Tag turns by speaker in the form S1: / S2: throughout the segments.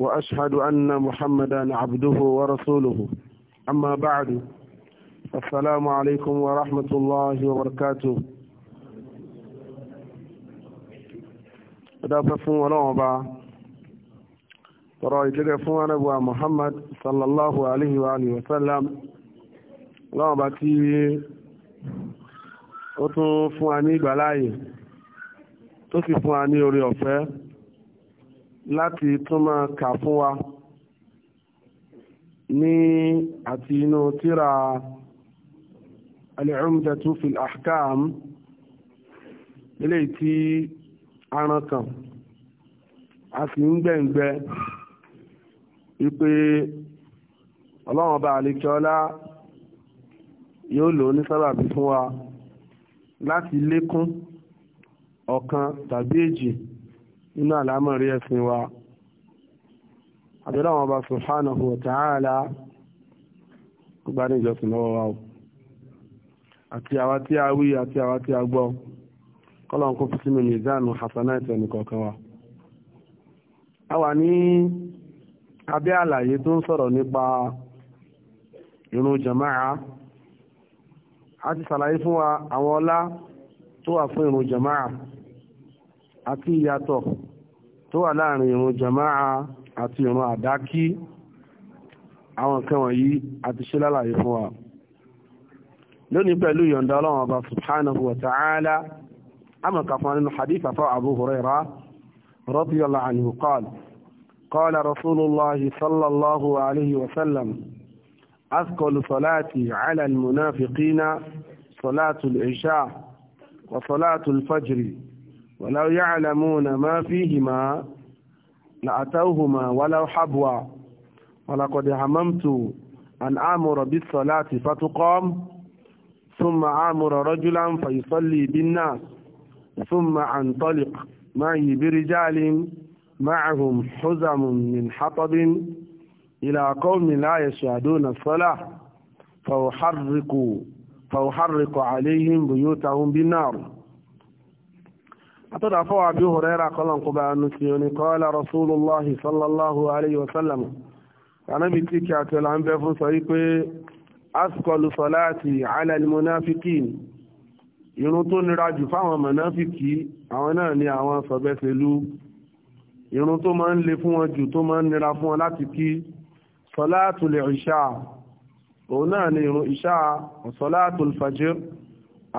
S1: وأشهد أن محمدا عبده ورسوله أما بعد السلام عليكم ورحمة الله وبركاته أدافع ونعبا رأيت لفو نبوى محمد صلى الله عليه وآله وسلم نعبا تي ó tún fún wa ní ìgbàláyè tó láti tún máa kà fún wa ní àti inú tíra al-Umdatu fil Ahkam eléyìí tí aran kan a sì ń gbẹ̀ǹgbẹ́ wípé ọlọ́run ọba àlekíọ́lá yóò lò ní sábàbí fún wa láti lékún ọ̀kan tàbí èjì nínú àlámọ̀rí ẹ̀sìn wa àbẹ̀rẹ̀ àwọn ọba subhanahu wa ta'ala gbá ní ìjọsìn lọ́wọ́ wa o àti àwa tí a wí àti àwa tí a gbọ́ kọ́lọ̀n kó fi sínú mizanu hasanat ẹni kọ̀ọ̀kan wa a wà ní abẹ́ àlàyé tó ń sọ̀rọ̀ nípa irun jama'a a ti sàlàyé fún wa àwọn ọlá tó wà fún irun jama'a àti ìyàtọ̀ tó wà láàrin ìrun jama'a àti ìrun àdákí àwọn nǹkan wọ̀nyí àti ṣe lálàyé fún wa lónìí pẹ̀lú yọ̀ǹda ọlọ́run ọba subhanahu wa ta'ala amọ̀ka fún nínú hadith afọ́ abu huraira radiyallahu anhu qala qala rasulullahi sallallahu alaihi wa sallam أثقل صلاتي على المنافقين صلاة العشاء وصلاة الفجر ولو يعلمون ما فيهما لأتوهما ولو حبوا ولقد هممت أن آمر بالصلاة فتقام ثم آمر رجلا فيصلي بالناس ثم أنطلق معي برجال معهم حزم من حطب إلى قوم لا يشهدون الصلاة فأحرق فأحرق عليهم بيوتهم بالنار أتدع فوى أبي هريرة قال قبع النسيون قال رسول الله صلى الله عليه وسلم أنا بيتيك أتل عن بيفن صريقي أثقل صلاتي على المنافقين irun tó nira jù fáwọn mọ̀náfíkì àwọn náà ni àwọn sọ̀bẹ́sẹ̀lú irun tó máa ń le fún wọn jù tó máa ń nira fún wọn láti kí sọláàtùl ìṣà òun náà ni irun ìṣà sọláàtùl fàjẹ́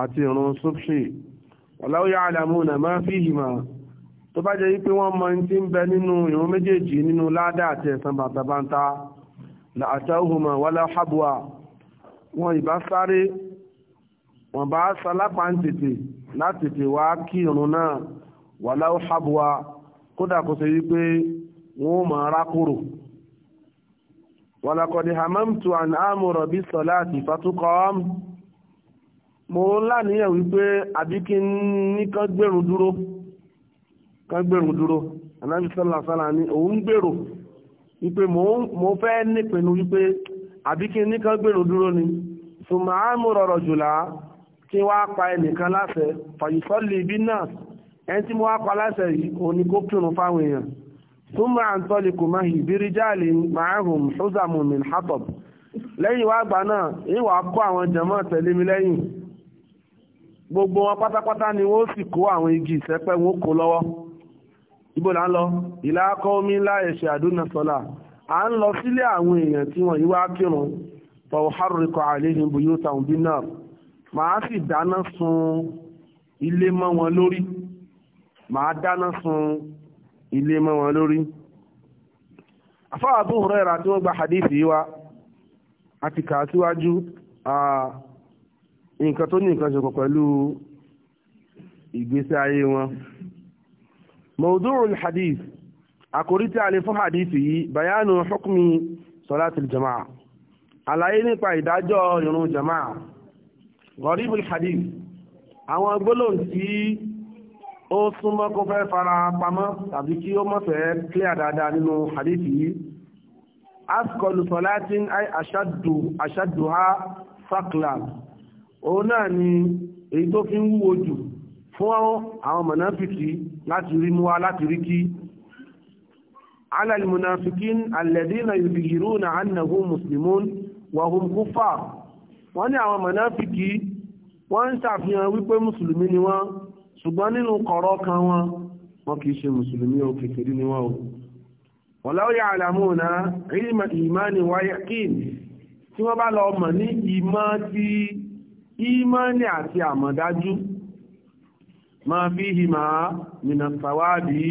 S1: àti irun subhi walau ya'lamuna ma fihima tó bá jẹ́ wípé wọ́n mọ tí ń bẹ nínú ìrun méjèèjì nínú ládà àti ẹ̀san bàtàbàtà la'atawhuma wala habwa wọn ìbá sáré wọn bá sálápá ń tètè látètè wá kí ìrun náà walau habwa kódà kó ṣe wípé wọn ò máa rákòrò walaqad hamamtu an amura bis salati fatuqam mo ń láníyàn wípé àbí kí n ní kán gbèrún dúró kán gbèrún dúró ànábì sọ́là sọ́là ní òun gbèrò wípé mo fẹ́ nípinnu wípé àbí kí n ní kán gbèrún dúró ni sùnmọ́ àmú rọrọ̀ jùlá kí wá pa ẹnìkan láṣẹ fàyísọ́lì ibi náà ẹni tí mo wá pa láṣẹ yìí òun ni kó kírun fáwọn èèyàn súnmọ́ àǹtọ́lìkù máa hì bí ríjáàlì máàrùn ṣúzàmù min hatob lẹ́yìn wá gbà náà ìwà kó àwọn jẹ̀mọ́ tẹ̀lé mi lẹ́yìn gbogbo wọn pátápátá ni wọ́n sì kó àwọn igi ìsẹ́pẹ́ wọn kó lọ́wọ́ ibo là ń lọ ìlà akọ́mi ńlá ẹ̀ṣẹ̀ àdúnà sọ́là à ń lọ sílé àwọn èèyàn tí wọ́n yí wá kírun fọwọ́ hárùkọ́ àléhìn bùyóta òbí náà màá sì dáná sun ilé mọ́ wọn lórí màá dáná sun ilé mọ́ wọn lórí. àfọwọ́ àbúrò rẹ̀ rà tí wọ́n gba hadith yìí wá àti kà á síwájú. Ah, nǹkan tó ní nǹkan ṣe pọ̀ pẹ̀lú ìgbésí ayé wọn. mawdu'ul hadith àkórí tí a lè fún hadith yìí bayanu hukmi salatul jama'a àlàyé nípa ìdájọ́ ìrun jama'a gharibul hadith àwọn gbólóhùn tí ó súnmọ́ kó fẹ́ fara pamọ́ tàbí kí ó mọ̀fẹ́ clear dáadáa nínú hadith yìí asqalu salatin ay ashaddu ashadduha faqlan òun náà ni èyí tó fi ń wúwo jù fún àwọn mọ̀nàfìkì láti rí mú wa láti rí kí alal munafikin alladina yubihiruna annahum muslimun wa hum kufar wọ́n ní àwọn mọ̀nàfìkì wọ́n ń ṣàfihàn wípé mùsùlùmí ni wọ́n ṣùgbọ́n nínú kọ̀rọ̀ kan wọn wọn kìí ṣe mùsùlùmí o kékeré ni wọ́n o walau ya'lamuna ilma imani wa yaqin tí wọ́n bá lọ mọ̀ ní ìmọ̀ ti ìmọ́ni àti àmọ̀dájú ma fi hìmá mìnà sàwádì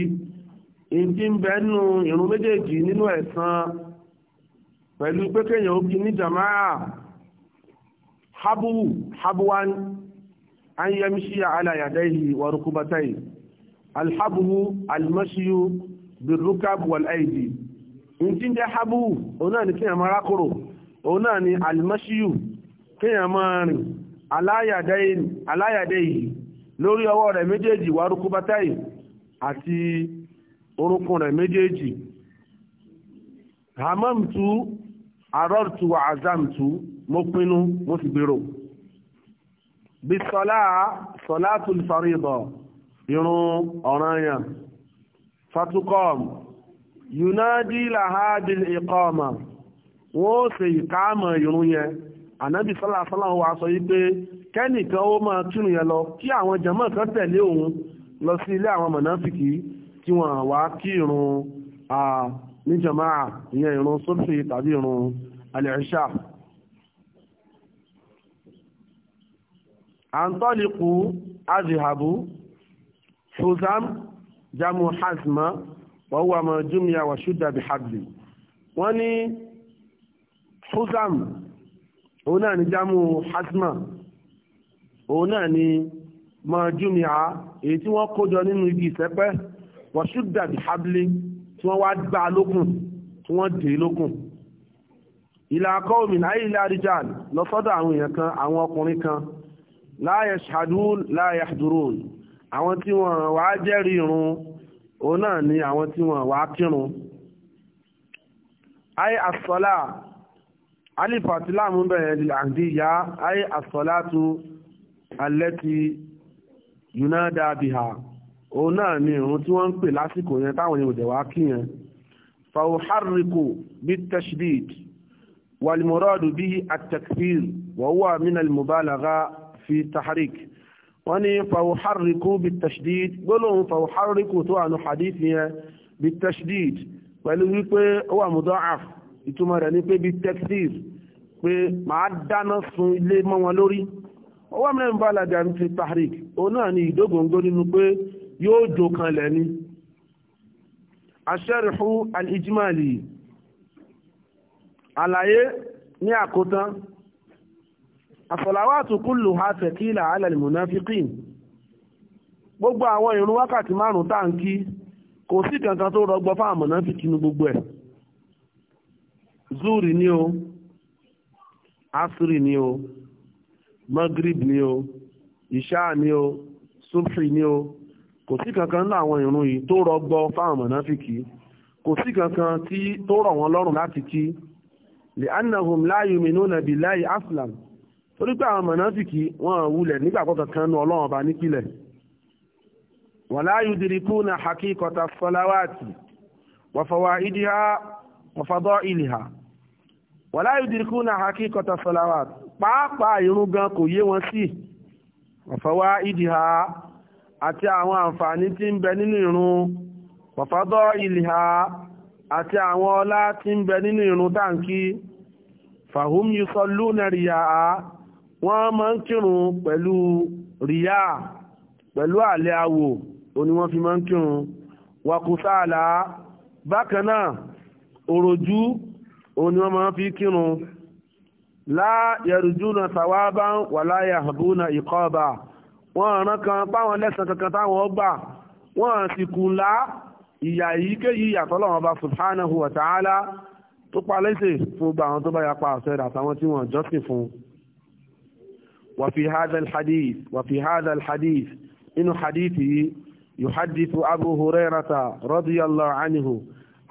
S1: ń bẹ nínú méjèèjì nínú ẹ̀san pẹ̀lú pé kéèyàn ya ní jamaa habuwan an ala ya wa rukubatayhi alhabuhu almashiyu birrukab wal aidi ìtí ń jẹ́ habuhu òun náà ni kéèyàn máa òun náà ni almashiyu aláyàdé yìí lórí ọwọ́ rẹ̀ méjèèjì wà rúkúbátáì àti orúnkún rẹ̀ méjèèjì hamamtu arọ́rtu wa azamtu mo pinnu mo sì gbèrò bí sọlá sọlátul faridọ irun ọ̀ranyàn fatukọ́m yunadi lahabil iqama wọ́n ó ṣe irun yẹn ànábì sálàsálà wa sọ yìí pé kẹ́nìkan ó máa kírun yẹn lọ kí àwọn jàmáà kan tẹ̀lé òun lọ sí ilé àwọn mọ̀nàfìkì tí wọ́n wá kírun ní jàmáà ìyẹn ìrun sófì tàbí ìrun alẹ́ṣà. àǹtọ́lìkù azìhàbù ṣùzám jamu hasma wọ́n wà mọ̀ jùmíà wà wọ́n ní ṣùzám òun náà ni jámù hasma òun náà ni mọ̀júmíà èyí tí wọ́n kójọ nínú ibi ìsẹ́pẹ́ wọ̀ṣúdà bí hábílì tí wọ́n wá gbá lókùn tí wọ́n dè lókùn ìlà akọ́wòmí láyé ilé àríjàn lọ sọ́dọ̀ àwọn èèyàn kan àwọn ọkùnrin kan láyé ṣàdún láyé àdúrún àwọn tí wọ́n wá jẹ́rìí irun òun náà ni àwọn tí wọ́n wá kírun ayé àsọ́lá alif àti láàmú bẹ̀rẹ̀ lè àǹdí ìyá ayé àsọ̀látú alẹ́tí yunada biha òun náà ni ìrun tí wọ́n ń pè lásìkò yẹn táwọn yẹn òdẹ̀wà kí yẹn fàwọ̀hárìkò bí tashdid wàlìmọ̀rọ́dù bí àtẹ̀kfíìr wọ́wọ́ àmìnà ìmọ̀bálàgá fi tahrik wọ́n ni fàwọ̀hárìkò bí tashdid gbólóhùn fàwọ̀hárìkò tó wà ní hadith yẹn bí tashdid pẹ̀lú wípé ó wà mudha'af ìtumọ̀ rẹ̀ ní pé bíi texas pé màá dáná sun ilé mọ́ wọn lórí ọwọ́ mìíràn bá alájà ní ti tahrik òun náà ni ìdógóńgó nínú pé yóò jó kanlẹ̀ ni aṣẹ́rìhú alìjímàlì àlàyé ní àkótán àfọ̀làwàtù kúlù ha tẹ̀kílà alàlìmùnáfíkín gbogbo àwọn ìrun wákàtí márùn-ún táǹkí kò sí kankan tó rọgbọ fáàmùnáfíkínú gbogbo ẹ̀ zuri ni o asiri ni o magrib ni o ìṣá ni o subhi ni o kò sí kankan ní àwọn ìrun yìí tó rọgbọ fáwọn mọ̀náfíkì kò sí kankan tí tó rọ̀ wọ́n lọ́rùn láti kí lè annahum la yu'minuna billahi aslam torí pé àwọn mọ̀náfíkì wọn wulẹ̀ nígbàgbọ́ kankan ní ọlọ́run ọba nípìlẹ̀ wala yudirikuna haqiqata salawati wa fawaidiha wa fadailiha wàlá ìdìrìkú náà hakí kọta sọláwà pàápàá irun gan kò yé wọn sí ọ̀fọwá ìdìhà àti àwọn àǹfààní tí ń bẹ nínú irun pọ̀fọ́dọ́ ìlìhà àti àwọn ọlá tí ń bẹ nínú irun dáǹkì fàhùm yusọ lúnà ríyà á wọ́n máa ń kírun pẹ̀lú ríyà pẹ̀lú àlẹ́ awò òní wọ́n fi máa ń kírun wàkùsáàlà bákan náà òròjú òun ni wọ́n máa fi kírun láyẹrùjúnà tàwábá wà láyàbúnà ìkọ́ọ̀bà wọ́n rán kan páwọn lẹ́sàn kankan táwọn gbà wọ́n sì kù lá ìyà èyíkéyìí ìyàtọ̀ lọ́wọ́ bá subhanahu wa ta'ala tó pa lẹ́sẹ̀ fún gbà àwọn tó bá yapa àṣẹ àtàwọn tí wọ́n jọ́sìn fún wa fi hadith inú hadith yìí yuhadithu abu hurairata radiyallahu anhu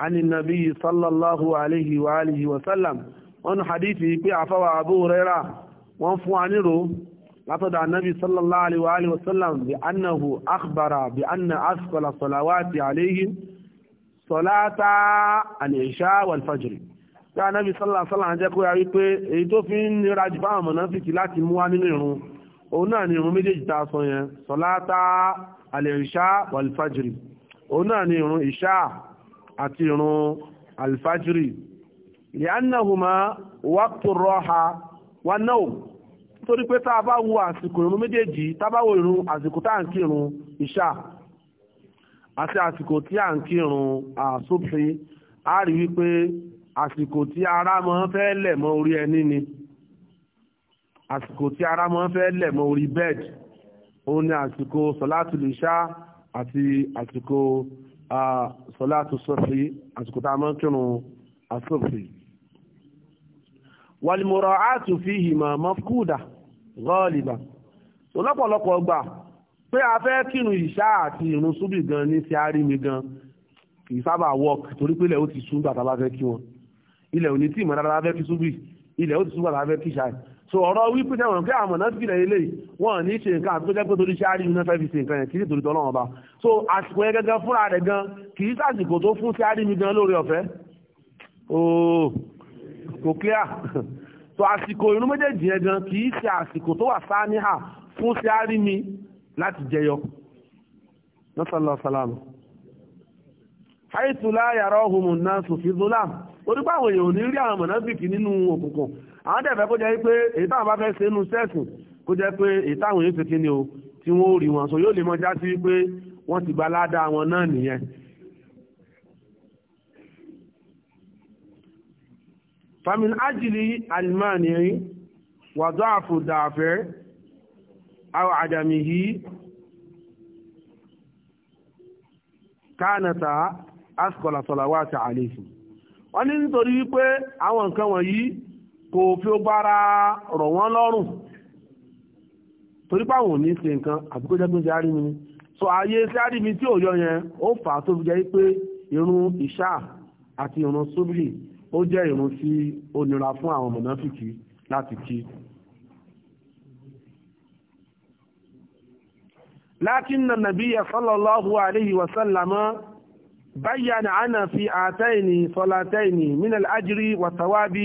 S1: ani nabi sallallahu alaihi wa alihi wa sallam wọ́n hadithi pé àfáwà Abu Huraira wọ́n fún aníró látọ̀dọ̀ annabi sallallahu alaihi wa alihi wa sallam bi annahu akhbara bi anna asqala salawati alaihi salata al-isha wal fajr tí anábi sọ́lá sọ́lá jẹ́ kó yá wípé èyí tó fi ń nira jù fáwọn mọ̀náfíkì láti mú wá ni ìrun méjèèjì tá a sọ yẹn sọ́látà àlẹ̀ ìṣá wàlífàjìrì òun náà ni ìrun ìṣá àti ìrun alfajiri ìyánnahùmá wákùtù rọ́ha wá náà torí pé tá a bá wo àsìkò ìrun méjèèjì tá a bá wo ìrun àsìkò tá à ń kírun ìṣà àti àsìkò tí à ń kírun àsùbhí a rí wípé àsìkò tí ara mọ́ fẹ́ lẹ̀ mọ́ orí ẹni ni àsìkò tí ara mọ́ fẹ́ lẹ̀ mọ́ orí bẹ́ẹ̀dì òun ni àsìkò sọ̀látùlù ìṣá àti àsìkò sọláàtù sọfì àsìkò tá a máa ń kírun àsọfì wàlìmọ̀rọ̀ àtù fi hìmọ̀ mọ́kúdà gọ́ọ̀lìbà so lọ́pọ̀lọpọ̀ gbà pé a fẹ́ kírun ìṣá àti ìrun súbì gan ní ti àárí mi gan kì í sábà wọ́ọ̀k torí pé ilẹ̀ ó ti sún gbàtà bá fẹ́ kí wọn ilẹ̀ ò ní tí ìmọ̀ dáadáa fẹ́ kí súbì ilẹ̀ ó ti sún gbàtà bá fẹ́ kí ṣáà so ọ̀rọ̀ wípé sẹ́wọ̀n pé àmọ̀ náà sílẹ̀ ilé wọn ní ṣe nǹkan àti tó jẹ́ pé torí ṣáárí iná fẹ́ fi ṣe nǹkan yẹn kì í torí tọ́lọ́ ọba so àsìkò yẹn gẹ́gẹ́ fúnra rẹ̀ gan kì í sàsìkò tó fún ṣáárí mi gan lórí ọ̀fẹ́ ooo oh, kò clear so àsìkò irun méjèèjì yẹn gan kì í ṣe àsìkò tó wà sáníhà fún ṣáárí mi láti jẹyọ nọ́sàlọ́ sàlámù fáyìtùlá yàrá ọ̀hún náà sòfin zolam orí àwọn dẹ̀ fẹ́ kó jẹ́ pé èyí táwọn bá fẹ́ ṣe inú sẹ́ẹ̀sì kó jẹ́ pé èyí táwọn yóò ṣe kí ni o tí wọ́n ó rí wọn so yóò lè mọ já sí pé wọ́n ti gba ládàá wọn náà nìyẹn. famin ajili alimani wàdó àfòdàfẹ́ àwọn àdàmì yìí kánata askọ̀làsọ̀làwà àti àlejò wọ́n ní nítorí wípé àwọn nǹkan wọ̀nyí kò fi ó bára rọ̀ wọ́n lọ́rùn torí páwọn ò ní ṣe nǹkan àbíkó ṣe á mi so ààyè ṣe á rí mi tí ò yọ yẹn ó fà á tó fi jẹ́ pé irun ìṣá àti irun súbìlì ó jẹ́ irun tí ó nira fún àwọn mọ̀nàfìkì láti kí. لكن النبي صلى الله عليه وسلم بيّن عنا في آتين صلاتين من الأجر والثواب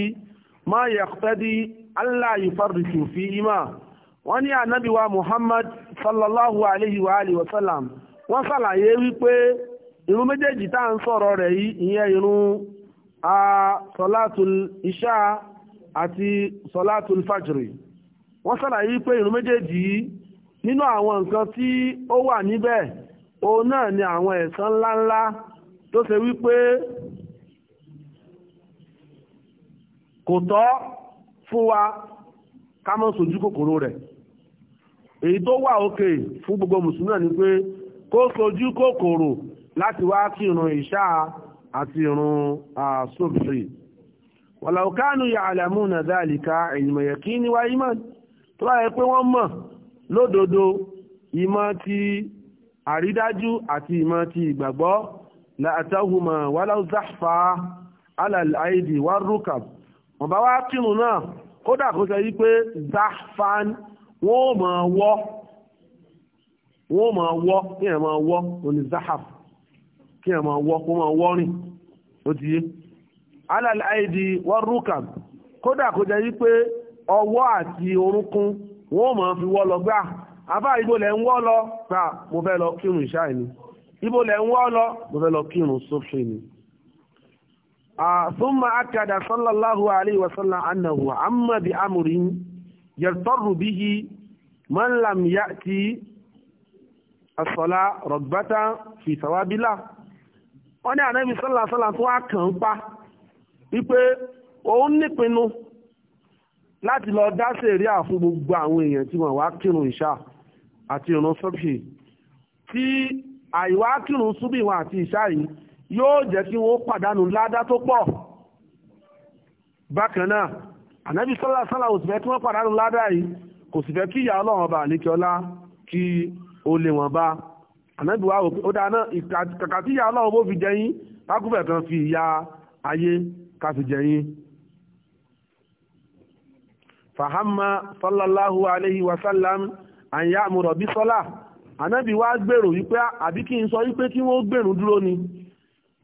S1: ma yaqtadi alla yufarritu fi ima wọ́n ní ànábì wa muhammad sallallahu alayhi wa alihi wa sallam wọ́n ṣàlàyé wípé irun méjèèjì tá à ń sọ̀rọ̀ rẹ̀ yìí ìyẹn irun a sọlátul isha àti sọlátul fajri wọ́n ṣàlàyé wípé irun méjèèjì yìí nínú àwọn nǹkan tí ó wà níbẹ̀ òun náà ni àwọn ẹ̀san ńláńlá tó ṣe wípé kò tọ́ fún wa ká mọ́ sojú kòkòrò rẹ̀ èyí tó wà òkè fún gbogbo mùsùlùmí náà ni pé kó sojú kòkòrò láti wá kírun ìṣá àti ìrun àṣòfì walau kanu ya'lamuna dhalika ilma yaqini wa iman tó báyẹ pé wọ́n mọ̀ lódodo ìmọ̀ ti àrídájú àti ìmọ̀ ti ìgbàgbọ́ la atahuma walau zahfa ala al-aidi wọ́n bá wá kírun náà kódà kó sọ wípé zafan wọ́n ò mọ̀ wọ́ wọ́n ò mọ̀ wọ́ kí ẹ̀ máa wọ́ òní zahaf kí ẹ̀ máa wọ́ kó máa wọ́ rìn ó ti yé alàlẹ́ àìdí wọ́n rúkà kódà kó jẹ́ wípé ọwọ́ àti orúnkún wọ́n mọ̀ fi wọ́ lọ gbà àbá ibo lẹ̀ ń wọ́ lọ gbà mo fẹ́ lọ kírun ìṣáà ni ibo lẹ̀ ń wọ́ lọ mo fẹ́ lọ kírun sófin ni. ثم أكد صلى الله عليه وسلم أنه عم بأمر يضطر به من لم يأتي الصلاة رغبة في ثواب الله wọ́n ní ànábì sọ́lá sọ́lá tó wá kàn ń pa wípé òun nípinnu láti lọ dá sèríà fún gbogbo àwọn èèyàn tí wọ́n wá kírun ìṣà àti ìrun sọ́bì tí àìwá kírun súbì àti ìṣà yìí yóò jẹ́ kí wọ́n pàdánù ládá tó pọ̀ bákan náà ànábì sọ́lá sọ́lá ò sì fẹ́ kí wọ́n pàdánù ládá yìí kò sì fẹ́ kí ìyá ọlọ́run ọba àlékè ọlá kí ó lè wọ́n bá ànábì wa ó dáná kàkà tí ìyá ọlọ́run bó fi jẹyìn kákúfẹ̀ kan fi ìyá ayé ká fi jẹyìn. fàhámà sọ́láláhu aleyhi wasallam àyà àmúrọ̀bí sọ́lá ànábì wa gbèrò wípé àbí kí n sọ wípé kí wọ́n gbèrò dúró ni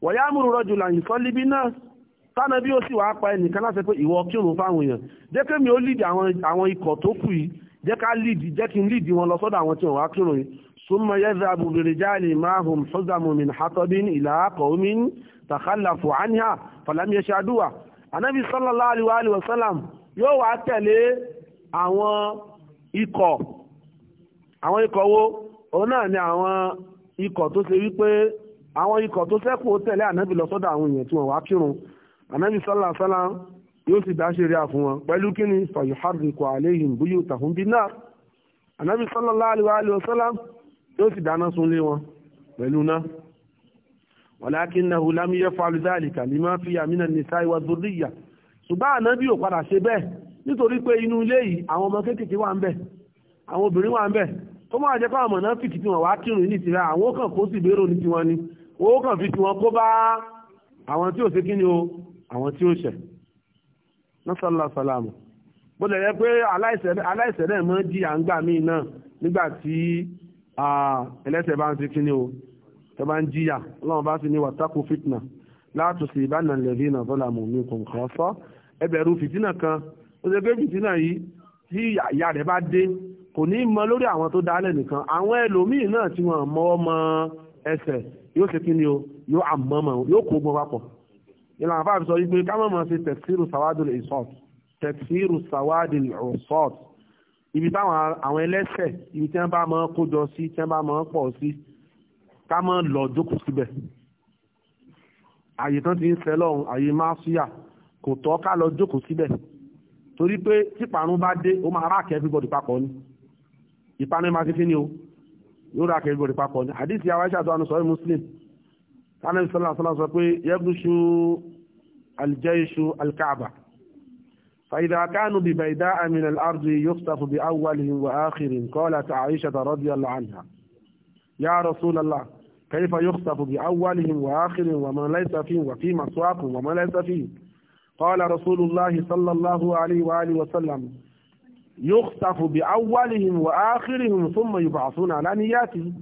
S1: wọ̀yá múrù rọ́jù là yìí sọ́lí bí náà tánà bí ó sì wàá pa ẹnìkan láti pé ìwọ kírun fáwọn èèyàn jẹ́ kémi ó lídì àwọn ikọ̀ tó kù yìí jẹ́ ká lídì jẹ́ kí wọn lọ sọ́dọ̀ àwọn tí wọ́n wá kírun yìí súnmọ́ yẹ́zẹ́ abúlé jáàlì máhùn sọ́zàmùmìn hatọ́bín ìlà kọ̀ọ́mìn tàkàlàfù àníhà fàlàmì ẹ̀ṣadúwà anábì sallallahu àwọn ikọ̀ tó ṣẹ́kù ó tẹ̀lé ànábì lọ sọ́dọ̀ àwọn èèyàn tí wọ́n wá kírun ànábì sọ́lá sọ́lá yóò sì dáṣe rí àfún wọn pẹ̀lú kíni fàyọ̀hárìkọ̀ àléhìn bóyá òtàkùn bí náà ànábì sọ́lá aláàlú sọ́lá yóò sì dáná sunlé wọn pẹ̀lú náà wàlákínnahu lámíyẹ fàlùdáàlìkà ní máa fi àmínà nìsa ìwà zurriya ṣùgbọ́n ànábì ò padà ṣe bẹ́ẹ̀ nítorí pé inú ilé yìí àwọn ọmọ kéékèèké wà ń bẹ̀ àwọn obìnrin wà ń bẹ̀ tó máa jẹ́ pé àwọn mọ̀nà fìkì tí wọ́n wá kírun ní tìrẹ àwọn kan kó sì gbèrò ní tiwọn ni ó kàn fi tiwọn kó bá àwọn tí ò ṣe kí ni o àwọn tí ó ṣẹ̀ nasala salamu bó lè yẹ pé aláìṣẹ̀ náà mọ́ di àǹgbà míì náà nígbà tí ẹlẹ́ṣẹ̀ bá ń ṣe kí ni o tó bá ń jìyà ọlọ́run bá sì ní wàtákù fitna láti sì ìbánà lẹ́bí náà bọ́lá mọ̀ mí kò nǹkan sọ ẹbẹ̀rù fìtínà kan ó ṣe pé fìtínà yìí tí ìyá rẹ̀ bá dé kò ní mọ lórí àwọn tó dálẹ̀ nìkan àwọn ẹlòmíì náà tí wọ́n mọ́wọ́ mọ́ ẹsẹ̀ yóò ṣe kí ni o yóò àmọ́mọ́ yóò kó gbọ́n papọ̀ ìlànà fáwọn sọ wípé ká mọ̀mọ́ sí tẹ̀síìrù sàwádìí ìsọ̀t tẹ̀síìrù sàwádìí ìsọ̀t ibi táwọn àwọn ẹlẹ́sẹ̀ ibi tí wọ́n bá máa kójọ sí tí wọ́n bá máa pọ̀ sí ká lọ jókòó síbẹ̀ àyè tán ti ń sẹ́ lọ́run àyè máa súyà kò tọ́ ká lọ jókòó síbẹ̀ torí pé típarun bá dé ó máa ráàkẹ́ everybody papọ̀ ni ìparun máa ti fi ni o yóò ra kẹrin bòrè papọ̀ ní àdìsí àwọn aṣáájú àwọn sọ̀rọ̀ muslim tánàbí sọ́lá sọ́lá sọ pé yẹ́bùsù aljẹ́ṣu alkaaba فإذا كانوا ببيداء من الأرض يخطف بأولهم وآخرهم قالت عائشة رضي الله عنها يا رسول الله كيف يخطف بأولهم وآخرهم وما ليس فيه وفي مسواق وما ليس فيه قال رسول الله صلى الله عليه وآله وسلم yukhtafu bi awwalihim wa akhirihim thumma yub'athuna ala niyyatihim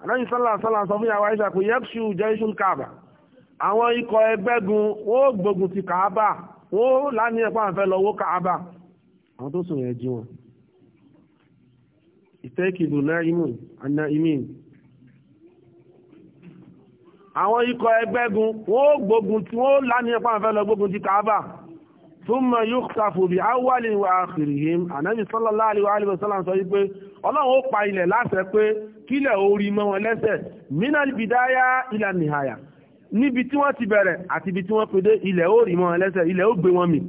S1: anáyí sọ́lá sọ́lá sọ fún yàwó àìsà pé yẹ́kṣù jayshul kaaba àwọn ikọ̀ ẹgbẹ́gun ó gbógun ti kaaba ó láni ẹ̀pá àfẹ́ lọ wó kaaba àwọn tó sùn yẹn jí wọn ìtẹ́kìlù náà imú àná imí àwọn ikọ̀ ẹgbẹ́gun ó gbógun tí ó láni ẹ̀pá àfẹ́ lọ gbógun ti kaaba thumma yukhsafu bi awwali wa akhirihim ànábì sallallahu alaihi wa sallam sọ wípé ọlọ́run ó pa ilẹ̀ láṣẹ pé kílẹ̀ orí mọ́ wọn lẹ́sẹ̀ minal bidaya ila nihaya níbi tí wọ́n ti bẹ̀rẹ̀ àti ibi tí wọ́n pèdé ilẹ̀ ó rí mọ́ wọn lẹ́sẹ̀ ilẹ̀ ó gbé wọn mì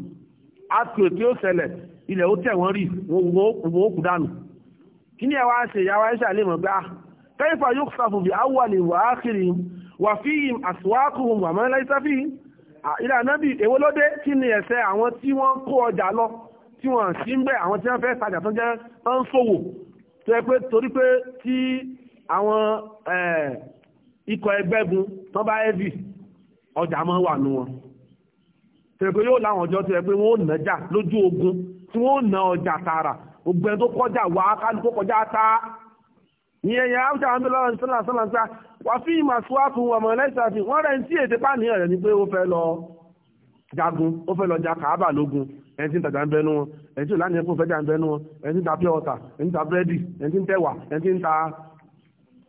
S1: àtò tí ó ṣẹlẹ̀ ilẹ̀ ó tẹ̀ wọ́n rí wọ́n ó kú dànù kí ni ẹwà ṣe ilẹ̀ ànábì èwo ló dé kí ni ẹ̀ṣẹ̀ àwọn tí wọ́n kó ọjà lọ tí wọ́n sì ń bẹ̀ àwọn tí wọ́n fẹ́ tajà tó jẹ́ tó ń ṣòwò tó yẹ pé torí pé tí àwọn ikọ̀ ẹgbẹ́gun tó bá ẹ́vì ọjà máa wà nù wọn tó yẹ pé yóò láwọn ọjọ́ tó yẹ pé wọ́n ò nájà lójú ogun tí wọ́n ò ná ọjà tààrà ògbẹ́ni tó kọjá wàá kálukó kọjá tá ní ẹ̀yà áwùjá àmìlọ́rọ̀ ìṣẹ́lá sọ́lọ́ta wà fí ìmà síwákùn ọmọ ẹlẹ́sàfin wọ́n rẹ̀ ń tí èdè bá nìyàn rẹ̀ ní pé ó fẹ́ lọ jagun ó fẹ́ lọ ja kàábà lógun ẹni tí ń tajà ń bẹnu wọn ẹni tí ò láti ẹkún fẹ́jà ń bẹnu wọn ẹni tí ń ta pure water ẹni tí ń ta búrẹ́dì ẹni tí ń tẹ̀wà ẹni tí ń ta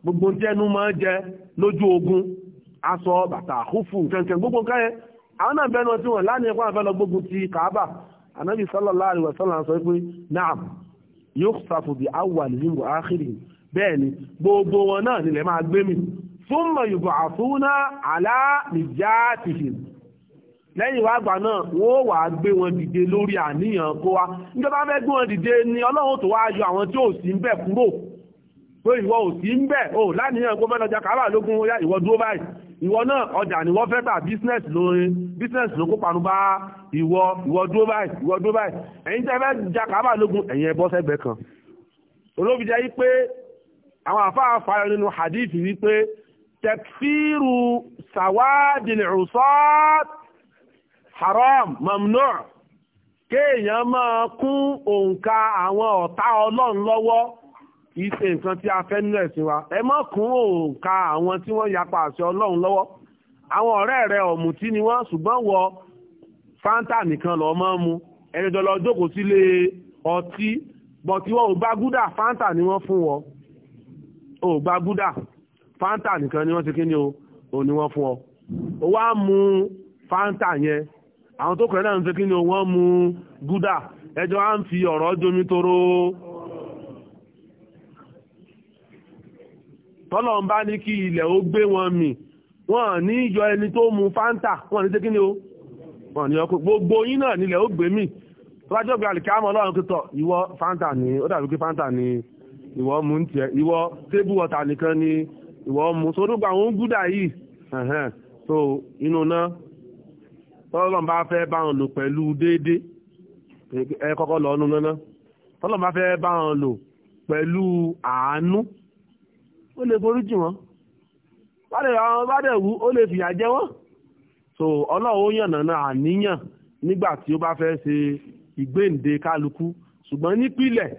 S1: gbogbo tẹnu máa ń jẹ lójú ogun aṣọ bàtà húfù kẹ̀kẹ́ gbogbo kẹ́ àwọn náà bẹnu tí wọn láti ẹkún àfẹ́ lọ gbógun ti kàábà Ànábì sallallahu alaihi wasallam sọ pé naam yukhsafu bi awwalihim wa akhirihim bẹ́ẹ̀ ni gbogbo wọn náà nílẹ̀ máa gbé mi thumma yub'athuna ala nijatihim lẹ́yìn wá gbà náà wọ́n wà gbé wọn dìde lórí àníyàn kó wa níjọba fẹ́ gbé wọn dìde ni ọlọ́run tó wá yọ àwọn tí ò sí ń bẹ̀ kúrò pé ìwọ ò sí ń bẹ̀ ò láníyàn kó mẹ́lọ kàrà lógún ya ìwọ dúró báyìí ìwọ náà ọjà ni wọ́n fẹ́ gbà business lórin business ló kó panu bá ìwọ ìwọ dúró báyìí ìwọ dúró báyìí ẹ̀yin tẹ́ fẹ́ jà kàrà lógún ẹ̀yin ẹ bọ́ sẹ́gbẹ̀ẹ́ kan olóbi jẹ́ pé àwọn àfáà fàyọ nínú hadith wípé tẹ̀fíìrù sàwádìí ọ̀sọ́t haram mamnu kéèyàn máa kún òǹkà àwọn ọ̀tá ọlọ́run lọ́wọ́ kì í ṣe nǹkan tí a fẹ́ nínú ẹ̀sìn wa ẹ má kún òǹkà àwọn tí wọ́n yapa àṣẹ ọlọ́run lọ́wọ́ àwọn ọ̀rẹ́ rẹ ọ̀mùtí ni wọ́n ṣùgbọ́n wọ fanta nìkan lọ́ọ́ máa mu ẹni jọ jókòó sílé ọtí bọ̀tí wọn ò gbágúdà fanta ni wọ́n fún wọn. ò gba gúdà fanta nìkan ni wọ́n ti kí ni o ò ní wọ́n fún ọ ó wá mú fanta yẹn àwọn tó kọ̀rẹ́ náà ń fi kí ni o wọ́n mú gúdà ẹjọ́ á ń fi ọ̀rọ̀ jomi toro tọ́lọ̀ ń bá ní kí ilẹ̀ ó gbé wọn mì wọ́n ní yọ ẹni tó mu fanta wọ́n ní tẹ́kí ni ó wọ́n ní ọkọ̀ gbogbo yín náà nílẹ̀ ó gbé mì tọ́lájọ́ gbé àlìkámọ́ ọlọ́run tọ, ìwọ fanta ni ó dàbí kí fanta ni ìwọ mú ń tiẹ̀ ìwọ tébù wọ́ta nìkan ni ìwọ mú sódúgbà àwọn gúdà yìí so inú náà tọ́lọ́n bá fẹ́ bá wọn lò pẹ̀lú déédé ẹ kọ́kọ́ lọ ọ́nú náà tọ́lọ́n bá fẹ́ bá wọn pẹ̀lú àánú ó lè forí jì wọ́n bá dẹ̀ wú ó lè fìyà jẹ wọ́n so ọlọ́run ó yànnà náà àníyàn nígbà tí ó bá fẹ́ ṣe ìgbéǹde kálukú ṣùgbọ́n nípìnlẹ̀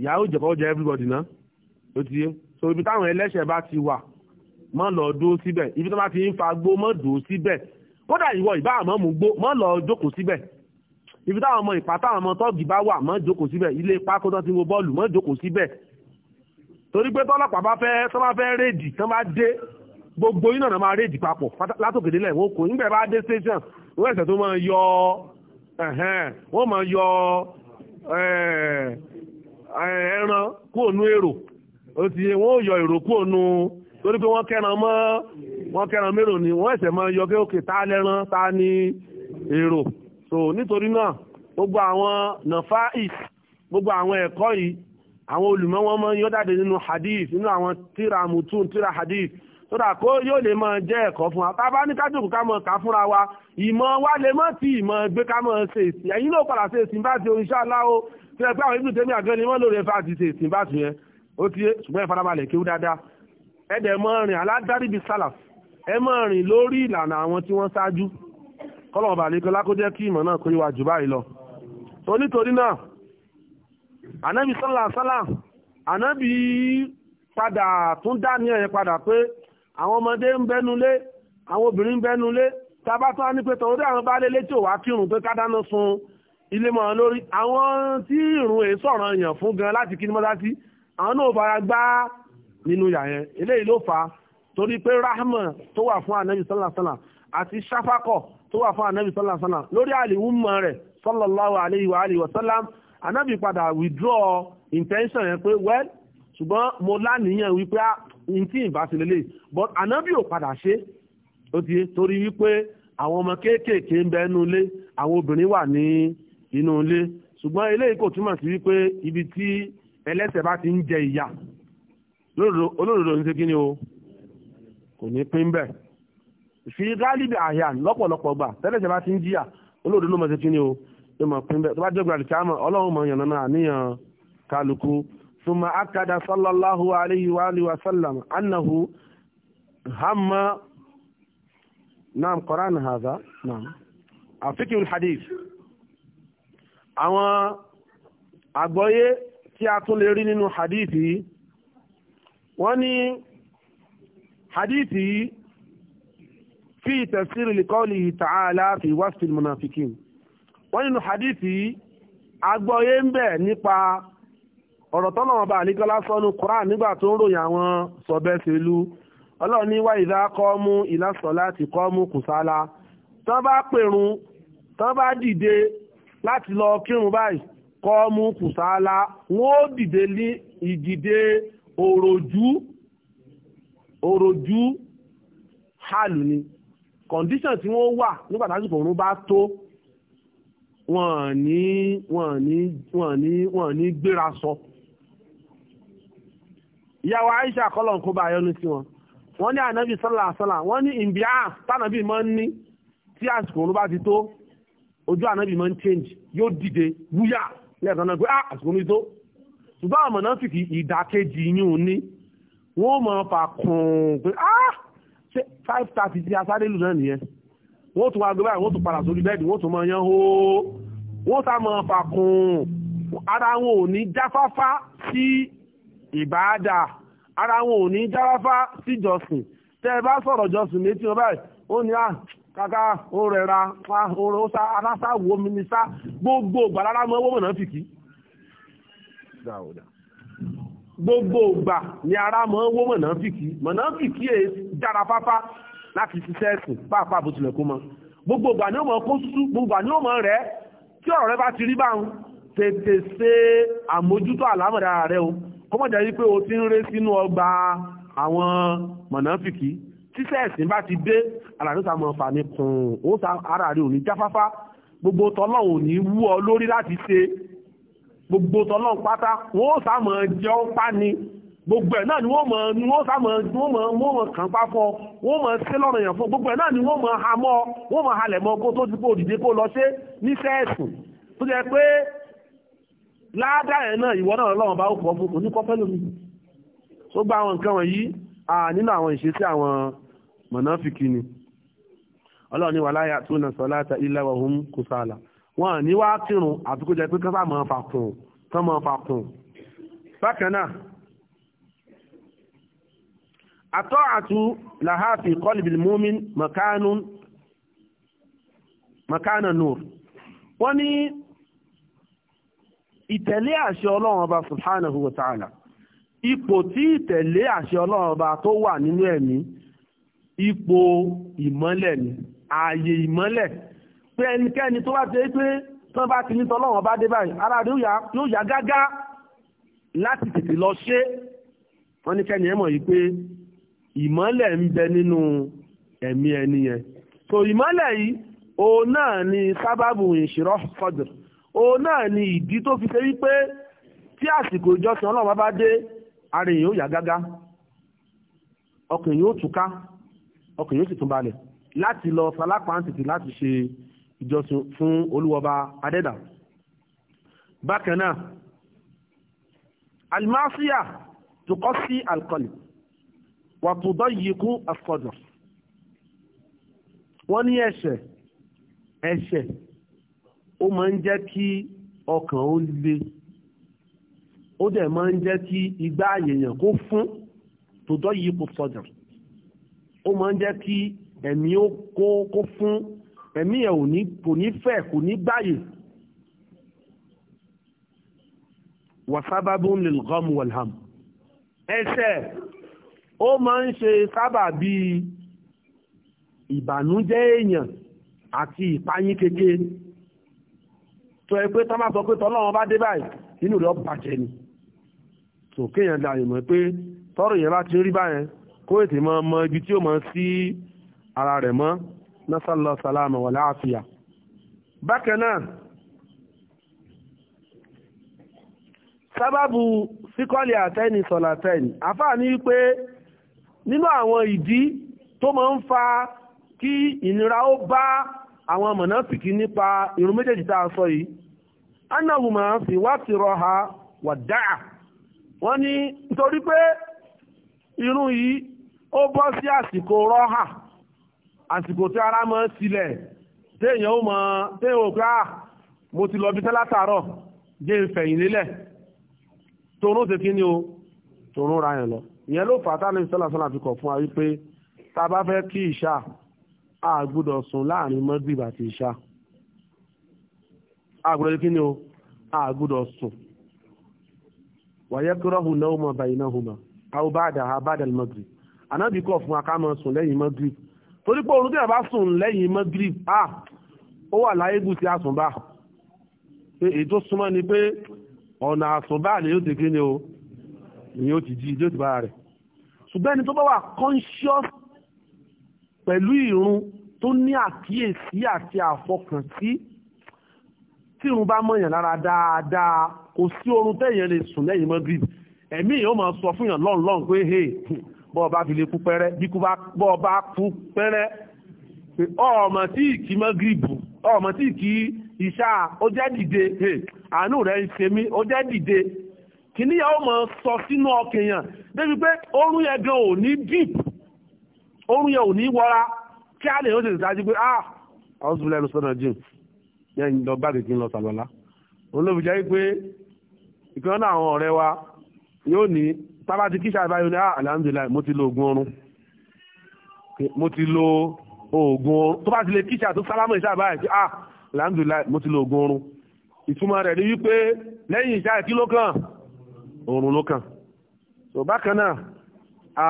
S1: ìyá ó jẹ everybody ná ó ti yé so ibi táwọn ẹlẹ́ṣẹ̀ bá ti wà mọ́ lọ dúró síbẹ̀ ibi tó bá ti ń fa gbó mọ́ dúró síbẹ̀ kódà ìwọ ìbá àmọ́ mú gbó mọ́ lọ jókòó síbẹ̀ ibi táwọn ọmọ ìpá táwọn ọmọ tọ́ọ̀gì bá wà mọ́ jókòó síbẹ̀ ilé pákó tán ti wo bọ́ọ̀lù mọ́ jókòó síbẹ̀ torí pé tọ́lọ́pàá bá fẹ́ tọ́ bá fẹ́ rédì tán bá dé gbogbo yín náà máa rédì papọ̀ látòkèdè lẹ̀ wọ́n kò nígbà bá dé station wọ́n ẹ̀sẹ̀ tó máa yọ wọ́n máa yọ ẹran kúrò nú èrò ó ti yẹ wọ́n yọ èrò kúrò nú torí pé wọ́n kẹ́ran mọ́ wọ́n kẹ́ran mérò ni wọ́n ẹ̀sẹ̀ mọ́ yọ kéòkè tá lẹ́ran tá ní èrò so nítorí náà gbogbo àwọn nàfá is gbogbo àwọn ẹ̀kọ́ yìí àwọn olùmọ̀ wọn mọ́ yọ jáde nínú hadith nínú àwọn tíra mutun tíra hadith sódà kó yóò lè máa jẹ́ ẹ̀kọ́ fún wa tá a bá ní kájòkó ká mọ̀ ká fúnra wa ìmọ̀ wa lè mọ̀ tí ìmọ̀ gbé ká mọ̀ ṣe èsì ẹ̀yin náà padà ṣe èsì bá ti oníṣẹ́ aláwo tí ẹ pé àwọn ibùdó tẹ́mi àgán ni wọ́n lóore fa àti tètè bá tù ó ti yé ṣùgbọ́n ìfarabalẹ̀ kéwú dáadáa ẹ mọ́ rìn aládárí bíi sálàf ẹ mọ́ rìn lórí ìlànà àwọn tí wọ́n ṣáájú kọ́lọ̀ ọ̀bà nìkan lákójẹ́ kí ìmọ̀ náà kó jù báyìí lọ tó náà ànábì sọ́là sọ́là ànábì padà tún dá ní ẹ̀yẹ padà pé àwọn ọmọdé ń bẹnulé àwọn obìnrin ń bẹnulé tabatọ́ á ní pé tọ́wọ́dé àwọn bá lélé tí ò wá kírun pé ká dáná sun ilé mọ̀ lórí àwọn tí ìrùn èso ọ̀ràn èèyàn fún gan láti kí ni mọ́sáàsì àwọn náà fara gbá nínú yà yẹn eléyìí ló fà á torí pé rahman tó wà fún anabi sálàsálà àti ṣáfákọ̀ tó wà fún anabi sálàsálà lórí àlìwúmọ̀ rẹ̀ sallallahu alayhi wa alayhi wa sallam anabi padà withdraw intention yẹn pé well ṣùgbọ́n mo lánìyàn wípé ah, n tí ìbá ti lélẹ̀ but anabi ò padà ṣe ó ti torí wípé àwọn ọmọ kéékèèké ń bẹ nínú ilé àwọn obìnrin wà ní inú ilé ṣùgbọ́n eléyìí kò túmọ̀ sí wípé ibi tí bá ti ń jẹ ìyà olódodo ń ṣe kí ni o kò ní pín bẹ́ẹ̀ fi gálíbì àyàn lọ́pọ̀lọpọ̀ gbà tẹ́lẹ̀ṣẹ̀ bá ti ń olódodo ló o ló mọ̀ pín bẹ́ẹ̀ tó bá jẹ́ gbàdì kí ọlọ́run mọ̀ yànnà akada sallallahu alayhi wa alayhi wa sallam anahu hamma naam haza naam afikin hadith àwọn àgbọ́yé tí a tún lè rí nínú hadithi wọ́n ní hadithi fi tafsir likọ́ọ̀lì ta'ala fi wasfil munafikin wọ́n nínú hadithi àgbọ́yé ń bẹ nípa ọ̀rọ̀ tọ́nà ọba àlíkọ́lá sọ́nu Qur'an nígbà tó ń ròyìn àwọn sọ̀bẹ́sẹ̀lú ọlọ́run ní wá ìdá kọ́mú ìlàsọ̀ láti kọ́mú kùsálà tán bá pèrún tán bá dìde láti lọ kírun báyìí kọ́ mú kùsàálà wọ́n ó dìde ní ìdìde òròjú òròjú hàlù ni condition tí wọ́n wà nígbà tásìkò òun bá tó wọ́n ní wọ́n ní wọ́n ní wọ́n ní gbéra sọ ìyàwó Aisha kọ́lọ̀ kó bá yọnu sí wọn wọ́n ní ànábì sọ́là sọ́là wọ́n ní ìbíà tánàbì mọ́ ní tí àsìkò òun bá ti tó ojú ànábì máa ń change yóò dìde wúyà lẹ́ẹ̀kan náà pé ah àsìkò mi tó ṣùgbọ́n àwọn mọ̀nàfìkì ìdàkejì yín ò ní wọ́n mọ̀ fà kùn pé ah ṣe five thirty ti asáré lù náà nìyẹn wọ́n tún wá gbé báyìí wọ́n tún padà sórí bẹ́ẹ̀dì wọ́n tún mọ̀ yan hóó wọ́n sá mọ̀ fà kùn ara wọn ò ní jáfáfá sí ìbáàdà ara wọn ò ní jáfáfá sí jọ̀sìn tẹ́ ẹ bá sọ̀rọ̀ jọ̀sìn Kaka ó rẹ̀ra ó sá aláṣà wo mi ni sá gbogbo ìgbà lára mọ́ owó mọ̀nà fìkì gbogbo ìgbà ni ara mọ́ owó mọ̀nà fìkì mọ̀nà fìkì è e dára fáfá láti ṣiṣẹ́ ẹ̀sìn pàápàá bó tilẹ̀ kó mọ́ gbogbo ìgbà ni ó mọ̀ kó súsú gbogbo ìgbà ni ó mọ̀ rẹ̀ tí ọ̀rọ̀ rẹ bá ti rí báhùn tètè ṣe àmójútó àlámọ̀dá rẹ o kọ́mọ̀ jẹ́ wípé o ti ń ré sínú ọgbà àwọn mọ̀nàfìkì tí sẹ́ẹ̀sìn ti dé ara ló sá mọ fani kun ó sá ara rẹ ò ní jáfáfá gbogbo tọ́lọ́ ò ní wú ọ lórí láti ṣe gbogbo tọ́lọ́ pátá wọ́n ó sá mọ jẹ́ ọ́ pa ni gbogbo ẹ̀ náà ni wọ́n mọ̀ ní wọ́n sáàmọ̀ wọ́n mọ̀ wọ́n mọ̀ kàn pa fọ́ wọ́n mọ̀ sí lọ́rọ̀ èèyàn fún gbogbo ẹ̀ náà ni wọ́n mọ̀ ha mọ́ wọ́n mọ̀ halẹ̀ mọ́ kó tó ti kó dìde kó lọ ṣe ní sẹ́ẹ̀sì tó jẹ́ pé ládà náà ìwọ náà lọ́wọ́ bá kọ́ fún oníkọ́fẹ́ lómi tó gba àwọn nǹkan wọ̀nyí nínú àwọn ìṣesí àwọn mọ̀nàfìkì ni ọlọ́run ní wàláyà tó nà sọ láta ilẹ̀ ọ̀hún kò sàlà wọn ní wá kírun àti kó jẹ pé kán bá mọ̀ fà kùn kán mọ̀ fà kùn. bákan náà àtọ́ àtú làháfi kọ́lìbìlì mọ́mìn mọ̀kánà nùr wọ́n ní ìtẹ̀lé àṣẹ ọlọ́run ọba subhanahu wa ta'ala ipò tí ìtẹ̀lé àṣẹ ọlọ́run ọba tó wà nínú ẹ̀mí ipò ìmọ́lẹ̀ ni. ààyè ìmọ́lẹ̀ pé ẹnikẹ́ni tó bá ti pé tán bá ti ní tọ́lọ́wọ́n bá dé ara yóò yá gágá láti tètè lọ ṣe wọ́n ní kẹ́ni ẹ mọ̀ yìí pé ìmọ́lẹ̀ ń bẹ nínú ẹ̀mí ẹni yẹn so ìmọ́lẹ̀ yìí òun náà ni sábàbù ìṣirọ́ fọ́dù òun náà ni ìdí tó fi ṣe wípé tí àsìkò ìjọsìn ọlọ́run bá dé ara èèyàn ó yá gágá ọkàn yóò túká ọkàn yóò láti lọ falápáǹtìtì láti ṣe ìjọsìn fún olúwọba adẹ́dà bákan náà alimasiya tó kọ́ sí alkọlì wà tó dọ́ yìí kú asọ́dọ̀ wọ́n ní ẹ̀ṣẹ̀ ẹ̀ṣẹ̀ ó máa ń jẹ́ kí ọkàn ó le ó dẹ̀ máa ń jẹ́ kí igbá èèyàn kó fún tó dọ́ yìí kú sọ́dọ̀ ó máa ń jẹ́ kí ẹ̀mí ó kó kó fún ẹ̀mí ẹ̀ ò ní kò ní fẹ̀ kò ní gbàyè. wàsábàbù lil gham wal ham ẹsẹ̀ ó máa ń ṣe sábàbí ìbànújẹ́ èèyàn àti ìpáyín kéke tó ẹ pé tọ́mà sọ pé tọ́lọ́wọ́n bá dé báyìí nínú rẹ̀ bàjẹ́ ni tó kéèyàn dà ìmọ̀ pé tọ́rọ̀ yẹn bá ti rí báyẹn kó ètè mọ ibi tí ó mọ sí ara rẹ̀ mọ́ nasalọ salama wà láàfíà bákan sábàbù síkọ́lì àtẹ́ni sọ̀làtẹ́ni àfáà ní wípé nínú àwọn ìdí tó máa ń fa kí ìnira ó bá àwọn mọ̀nàfìkì nípa irun méjèèjì tá a sọ yìí sì wá ti ha wà dáa wọ́n ní nítorí pé irun yìí ó bọ́ sí àsìkò àsìkò tí ara mọ́ sílẹ̀ téèyàn ó mọ téèyàn ò pé à ah, mo ti lọ bí tẹ́lá tààrọ̀ jẹ́ ìfẹ̀yìn lélẹ̀ torún ṣe kí ni o torún ra yẹn lọ ìyẹn ló fà tánà ìṣẹ́lá sọ́nà fi kọ̀ fún wa wípé tá a bá fẹ́ kí ìṣà a gbọ́dọ̀ sùn láàrin mọ́gbìbà àti ìṣà a gbọ́dọ̀ kí ni o a gbọ́dọ̀ sùn wàyẹ́ kúrọ́hùn náà mọ̀ bàyìí náà hùmà àwọn bá dà á bá dà lọ́gbì ànábì torí pé oorun tí yàrá bá sùn lẹ́yìn magrib ah ó wà láyé gùn sí àsùnbà èyí tó súnmọ́ ni pé ọ̀nà àsùnbà ni yóò ti kí ni o ni yóò ti jí ilé òtí bára rẹ̀ ṣùgbọ́n ẹni tó bá wà conscious pẹ̀lú ìrun tó ní àkíyèsí àti àfọkànsí tí irun bá mọ̀yàn lára dáadáa kò sí oorun tẹ̀yàn lè sùn lẹ́yìn magrib ẹ̀mí yóò máa sọ fún yàn lọ́nlọ́n pé hey bọọba ọba fi ọmọ tí ọmọ tí ó jẹ́ dìde àánú rẹ̀ ń ṣe mí ó jẹ́ dìde kìíní ó sọ sínú ọkàn yẹn débi pé oorun yẹn gan ò ní deep oorun yẹn ò wọra kí á lè ó sì dájú pé ah jim yẹn lọ gbàgbé kí n lọ sàlọ́lá pé ìkan náà àwọn wa yóò ní tábà ti kíṣà ìbáyọ ní alhamdulillah mo ti lo oògùn oorun mo ti lo oògùn oorun tó bá ti lè kíṣà tó sálámù ìṣà ìbáyọ sí ah alhamdulillah mo ti lo oògùn oorun ah, ìtumọ̀ rẹ̀ ni wípé lẹ́yìn ìṣà kí ló kàn oorun ló kàn so bákan náà a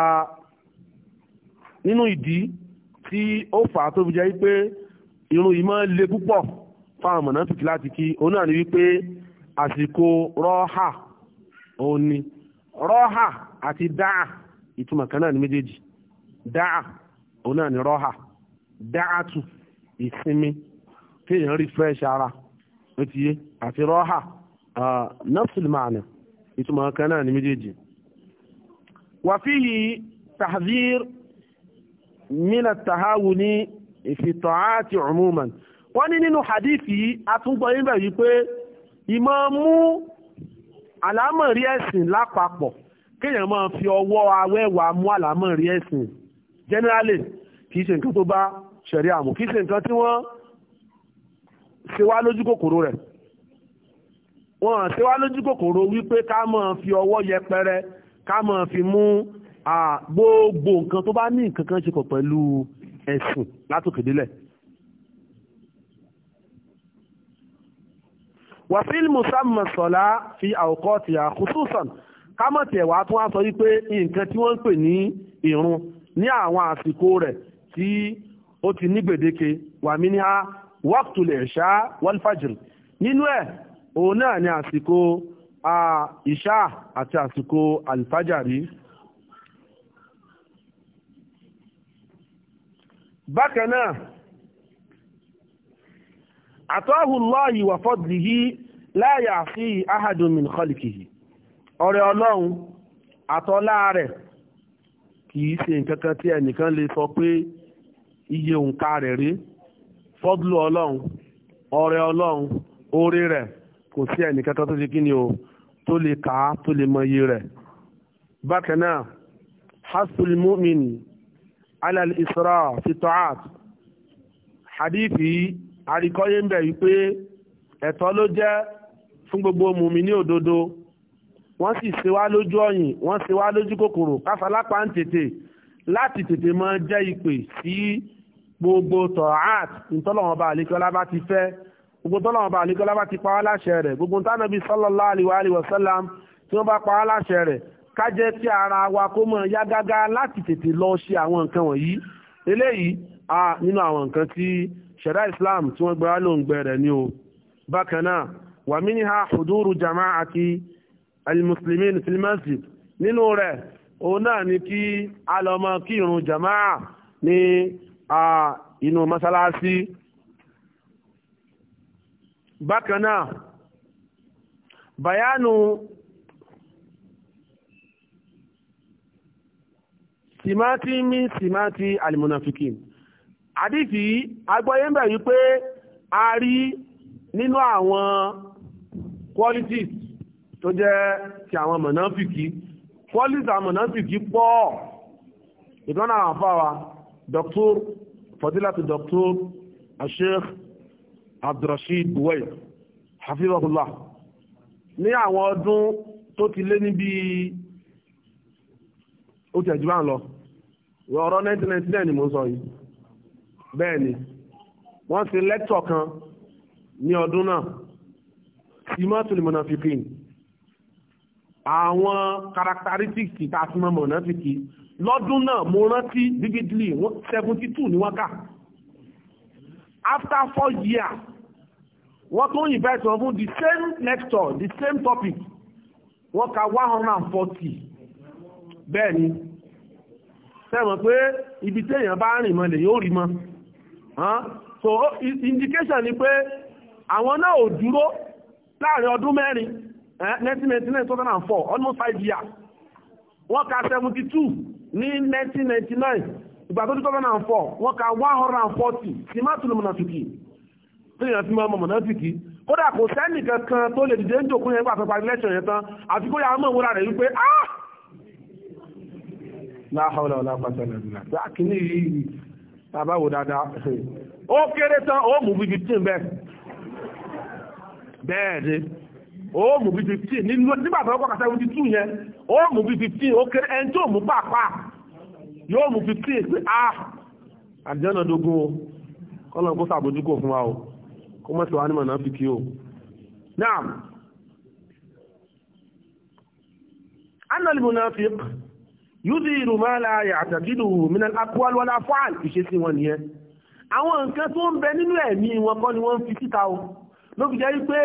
S1: nínú ìdí tí ó fà á tó fi jẹ́ wípé irun yìí máa ń le púpọ̀ fáwọn mọ̀nà fìkì láti kí òun náà ni wípé àsìkò rọ́hà òun ni rọ́hà àti dáà ìtumọ̀ kan náà ní méjèèjì dáà òun náà ní rọ́hà dáàtù ìsinmi kéèyàn refresh ara ó ti yé àti rọ́hà nafsul ma'na ìtumọ̀ kan náà ní méjèèjì wà fíhi tahdhir mina tahawuni fi ta'ati umuman wọ́n ní nínú hadithi yìí a tún gbọ́ yín bẹ̀ wípé ìmọ̀ mú àlámọ̀rí ẹ̀sìn lápapọ̀ kéèyàn máa fi ọwọ́ awẹ́wà mú àlámọ̀rí ẹ̀sìn generally kìí ṣe nǹkan tó bá ṣẹ̀rí àmú kìí ṣe nǹkan tí wọ́n ṣe wá lójú kòkòrò rẹ̀ wọ́n ṣe wá lójú kòkòrò wípé ká máa fi ọwọ́ yẹpẹrẹ ká máa fi mú gbogbo nǹkan tó bá ní nǹkan kan ṣe pọ̀ pẹ̀lú ẹ̀sìn látòkèdélẹ̀ wàfíìl musamman sọ̀lá fi àwòkọ́ ti àkùsùsàn kámọ̀tì ẹ̀wà tó wá sọ wípé nǹkan tí wọ́n ń pè ní ìrun ní àwọn àsìkò rẹ̀ tí ó ti ní gbèdéke wà mí ní a waqtul isha wal fajr nínú ẹ̀ òun náà ni àsìkò ìṣá àti àsìkò àlìfájàrí bákan náà àtọ́hù lọ́yìí wà fọ́dìlì yìí láyà sí ahadùnmí kọlìkìhì ọ̀rẹ́ ọlọ́run àtọ́lá rẹ̀ kìí ṣe nǹkankan tí ẹnìkan lè sọ pé iye òǹkà rẹ̀ rí fọ́dùlù ọlọ́run ọ̀rẹ́ ọlọ́run orí rẹ̀ kò sí ẹnìkankan tó ṣe kí ni o tó lè kà á tó lè mọ iye rẹ̀ bákan náà hasul mu'min alal isra fi ta'at hadithi àríkọ́yé ń bẹ̀ wípé ẹ̀tọ́ ló jẹ́ fún gbogbo mùmínì òdodo wọ́n sì ṣe wá lójú ọ̀yìn wọ́n ṣe wá lójú kòkòrò káfalápá ń tètè láti tètè máa jẹ́ ìpè sí gbogbo tọ̀hát ìtọ́lọ́wọ́n bá àlékọ́lá bá ti fẹ́ gbogbo tọ́lọ́wọ́n bá àlékọ́lá bá ti pa wá láṣẹ rẹ̀ gbogbo tánàbí sallallahu alaihi wa sallam tí wọ́n bá pa wá láṣẹ rẹ̀ ká tí ara wa kó mọ̀ yá gágá láti tètè lọ ṣe àwọn nǹkan wọ̀nyí eléyìí nínú àwọn nǹkan tí ṣẹ̀dá islam tí wọ́n gbára ló ń gbẹ̀rẹ̀ ní o bákan náà wà mí ní ha huduru jama'ati al-muslimin fil masjid nínú rẹ̀ òun náà ni kí a kí irun jama'a ní inú masalasi bákan bayanu simati min simati al àdìsí agbọ́yé ń bẹ̀ yí pé a rí nínú àwọn qualities tó jẹ́ ti àwọn mọ̀nàfìkì qualities àwọn mọ̀nàfìkì pọ̀ ìdánà àwọn afáwa Dr. fadilatu Dr. Sheikh Abdurrasheed Buwayb hafizahullah ní àwọn ọdún tó ti lé níbi ó tẹ̀jú bá ń lọ ọ̀rọ̀ 1999 ni mo ń sọ yìí bẹ́ẹ̀ ni wọ́n ti lẹ́tọ̀ kan ní ọdún náà simatul munafiqin àwọn characteristics ta fi mọ́ munafiki lọ́dún náà mo rántí vividly seventy two ni wọ́n after four years wọ́n tún invite wọn fún the same lecture the same topic wọ́n ka one hundred and forty bẹ́ẹ̀ ni sẹ́wọ̀n pé ibi téèyàn bá rìn mọ́ lè yóò rí mọ́. so indication ni pé àwọn náà ò dúró láàrin ọdún mẹ́rin 1999 eh, 2004 almost five years wọ́n ka 72 ní 1999 ìgbà tó 2004 wọ́n ka 140 sí má túnú mọ̀nàfìkì tíyàn fi mọ́ mọ̀nàfìkì kódà kò sẹ́nì kankan tó lè dìde ń jòkó yẹn pàtàkì parí lẹ́ṣọ̀ yẹn tán àti kó yàá mọ̀ wúra tàbá wò dáadáa ó kéré tán ó mú bí fifteen bẹ́ẹ̀ bẹ́ẹ̀ ni ó mú bí fifteen nígbà tó kọ́kọ́ seventy two yẹn ó mú bí fifteen ó kéré ẹni tó mú pàápàá yóò mú fifteen pé a ah, àdìjọ́nà dogun o kọ́lọ́n kó sàbójúkò fún wa o kó mọ̀ sí wa nímọ̀ náà fi kí o náà annal munafiq yúdìrù máa la àtàkìdù mìíràn akọ́lọ́lá fáàlì ìṣesí wọn nìyẹn àwọn nǹkan tó ń bẹ nínú ẹ̀mí wọn kọ́ ni wọ́n ń fi síta o ló fi jẹ́ wípé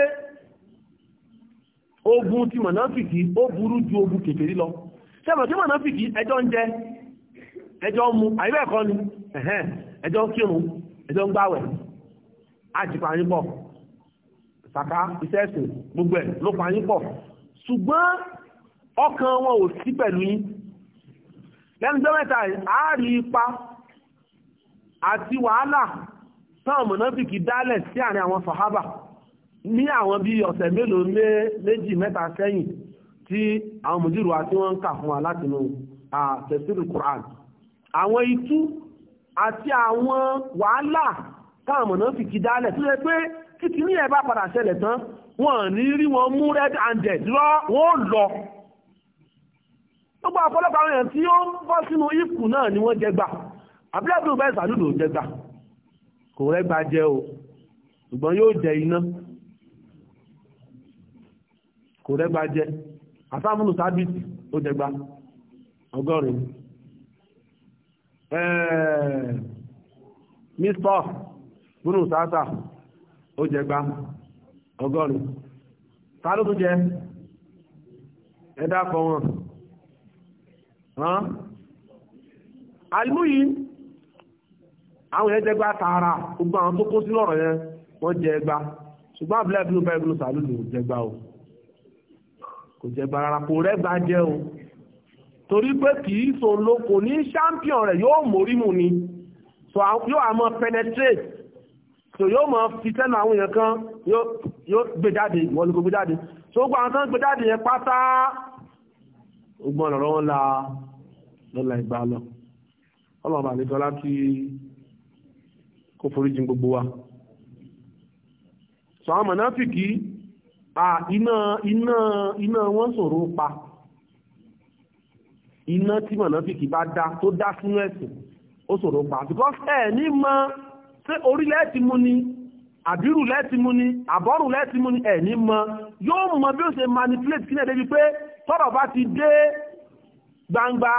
S1: ogun ti mọ̀nàfìkì ó burú ju ogun kèfèrí lọ ṣẹ́mọ̀ tí mọ̀nàfìkì ẹjọ́ ń jẹ ẹjọ́ ń mu àyíbẹ̀ ẹ̀kọ́ ni ẹjọ́ ń kírun ẹjọ́ ń gbáwẹ̀ àjìpàyínpọ̀ sàká iṣẹ́ ẹ̀sìn gbogbo ẹ̀ ló pàyínpọ̀ ṣùgbọ́n ọkàn wọn ò sí pẹ̀lú yín lẹ́nudọ́ mẹ́ta àárí ipa àti wàhálà táwọn mọ̀nàfíkì dálẹ̀ sí àárín àwọn fàhábà ní àwọn bí ọ̀sẹ̀ mélòó méjì mẹ́ta sẹ́yìn tí àwọn mùdírù àti wọ́n ń kà fún wa látinú tẹ̀sírì Qur'an àwọn itú àti àwọn wàhálà táwọn mọ̀nàfíkì dálẹ̀ tó yẹ pé títí ní ẹ̀ bá padà ṣẹlẹ̀ tán wọ́n ní rí wọn mú red handed lọ wọ́n lọ gbogbo àpọ̀lọpọ̀ àwọn èèyàn tí ó ń bọ́ sínú ikù náà ni wọ́n jẹgbà àbílẹ̀bí ò bẹ́ẹ̀ sàdúdò jẹgbà kò rẹ́gbà jẹ o ṣùgbọ́n yóò jẹ iná kò rẹ́gbà jẹ àfáàmúnù sábìtì ó jẹgbà ọgọ́rin mr búnú sáàtà ó jẹgbà ọgọ́rin ta ló tún jẹ ẹ dákọ wọn àlùmúyí àwọn yẹn jẹgba tààrà gbogbo àwọn tó kó sí lọ́rọ̀ yẹn wọ́n jẹ ẹgba ṣùgbọ́n àbúlé ẹbí ló bá kò jẹgba o kò jẹgba rárá kò rẹ́gba jẹ o torí pé kì í so ló kò ní champion rẹ̀ yóò mórí mu ni so yóò àmọ́ penetrate so yóò mọ̀ fi sẹ́nu àwọn èèyàn kan yóò gbé jáde ìwọ́n ló gbé jáde so gbogbo àwọn tó ń gbé jáde yẹn pátá ogbọ́n lọ́rọ́ wọn la lọ́la ìgbà lọ ọlọ́run àlejò láti kó foríjì gbogbo wa sọ àwọn mọ̀náfìkì iná iná iná wọn ṣòro pa iná tí mọ̀náfìkì bá dá tó dá sínú ẹ̀sìn ó ṣòro pa because ẹ̀ ní mọ ṣé orílẹ̀ ti mú ni àbírù lẹ́ẹ̀tì ni àbọ́rù lẹ́ẹ̀tì ni ẹ̀ ní mọ yóò mọ bí ó ṣe manipulate kí ní débi pé tọ́rọ̀ bá ti dé gbangba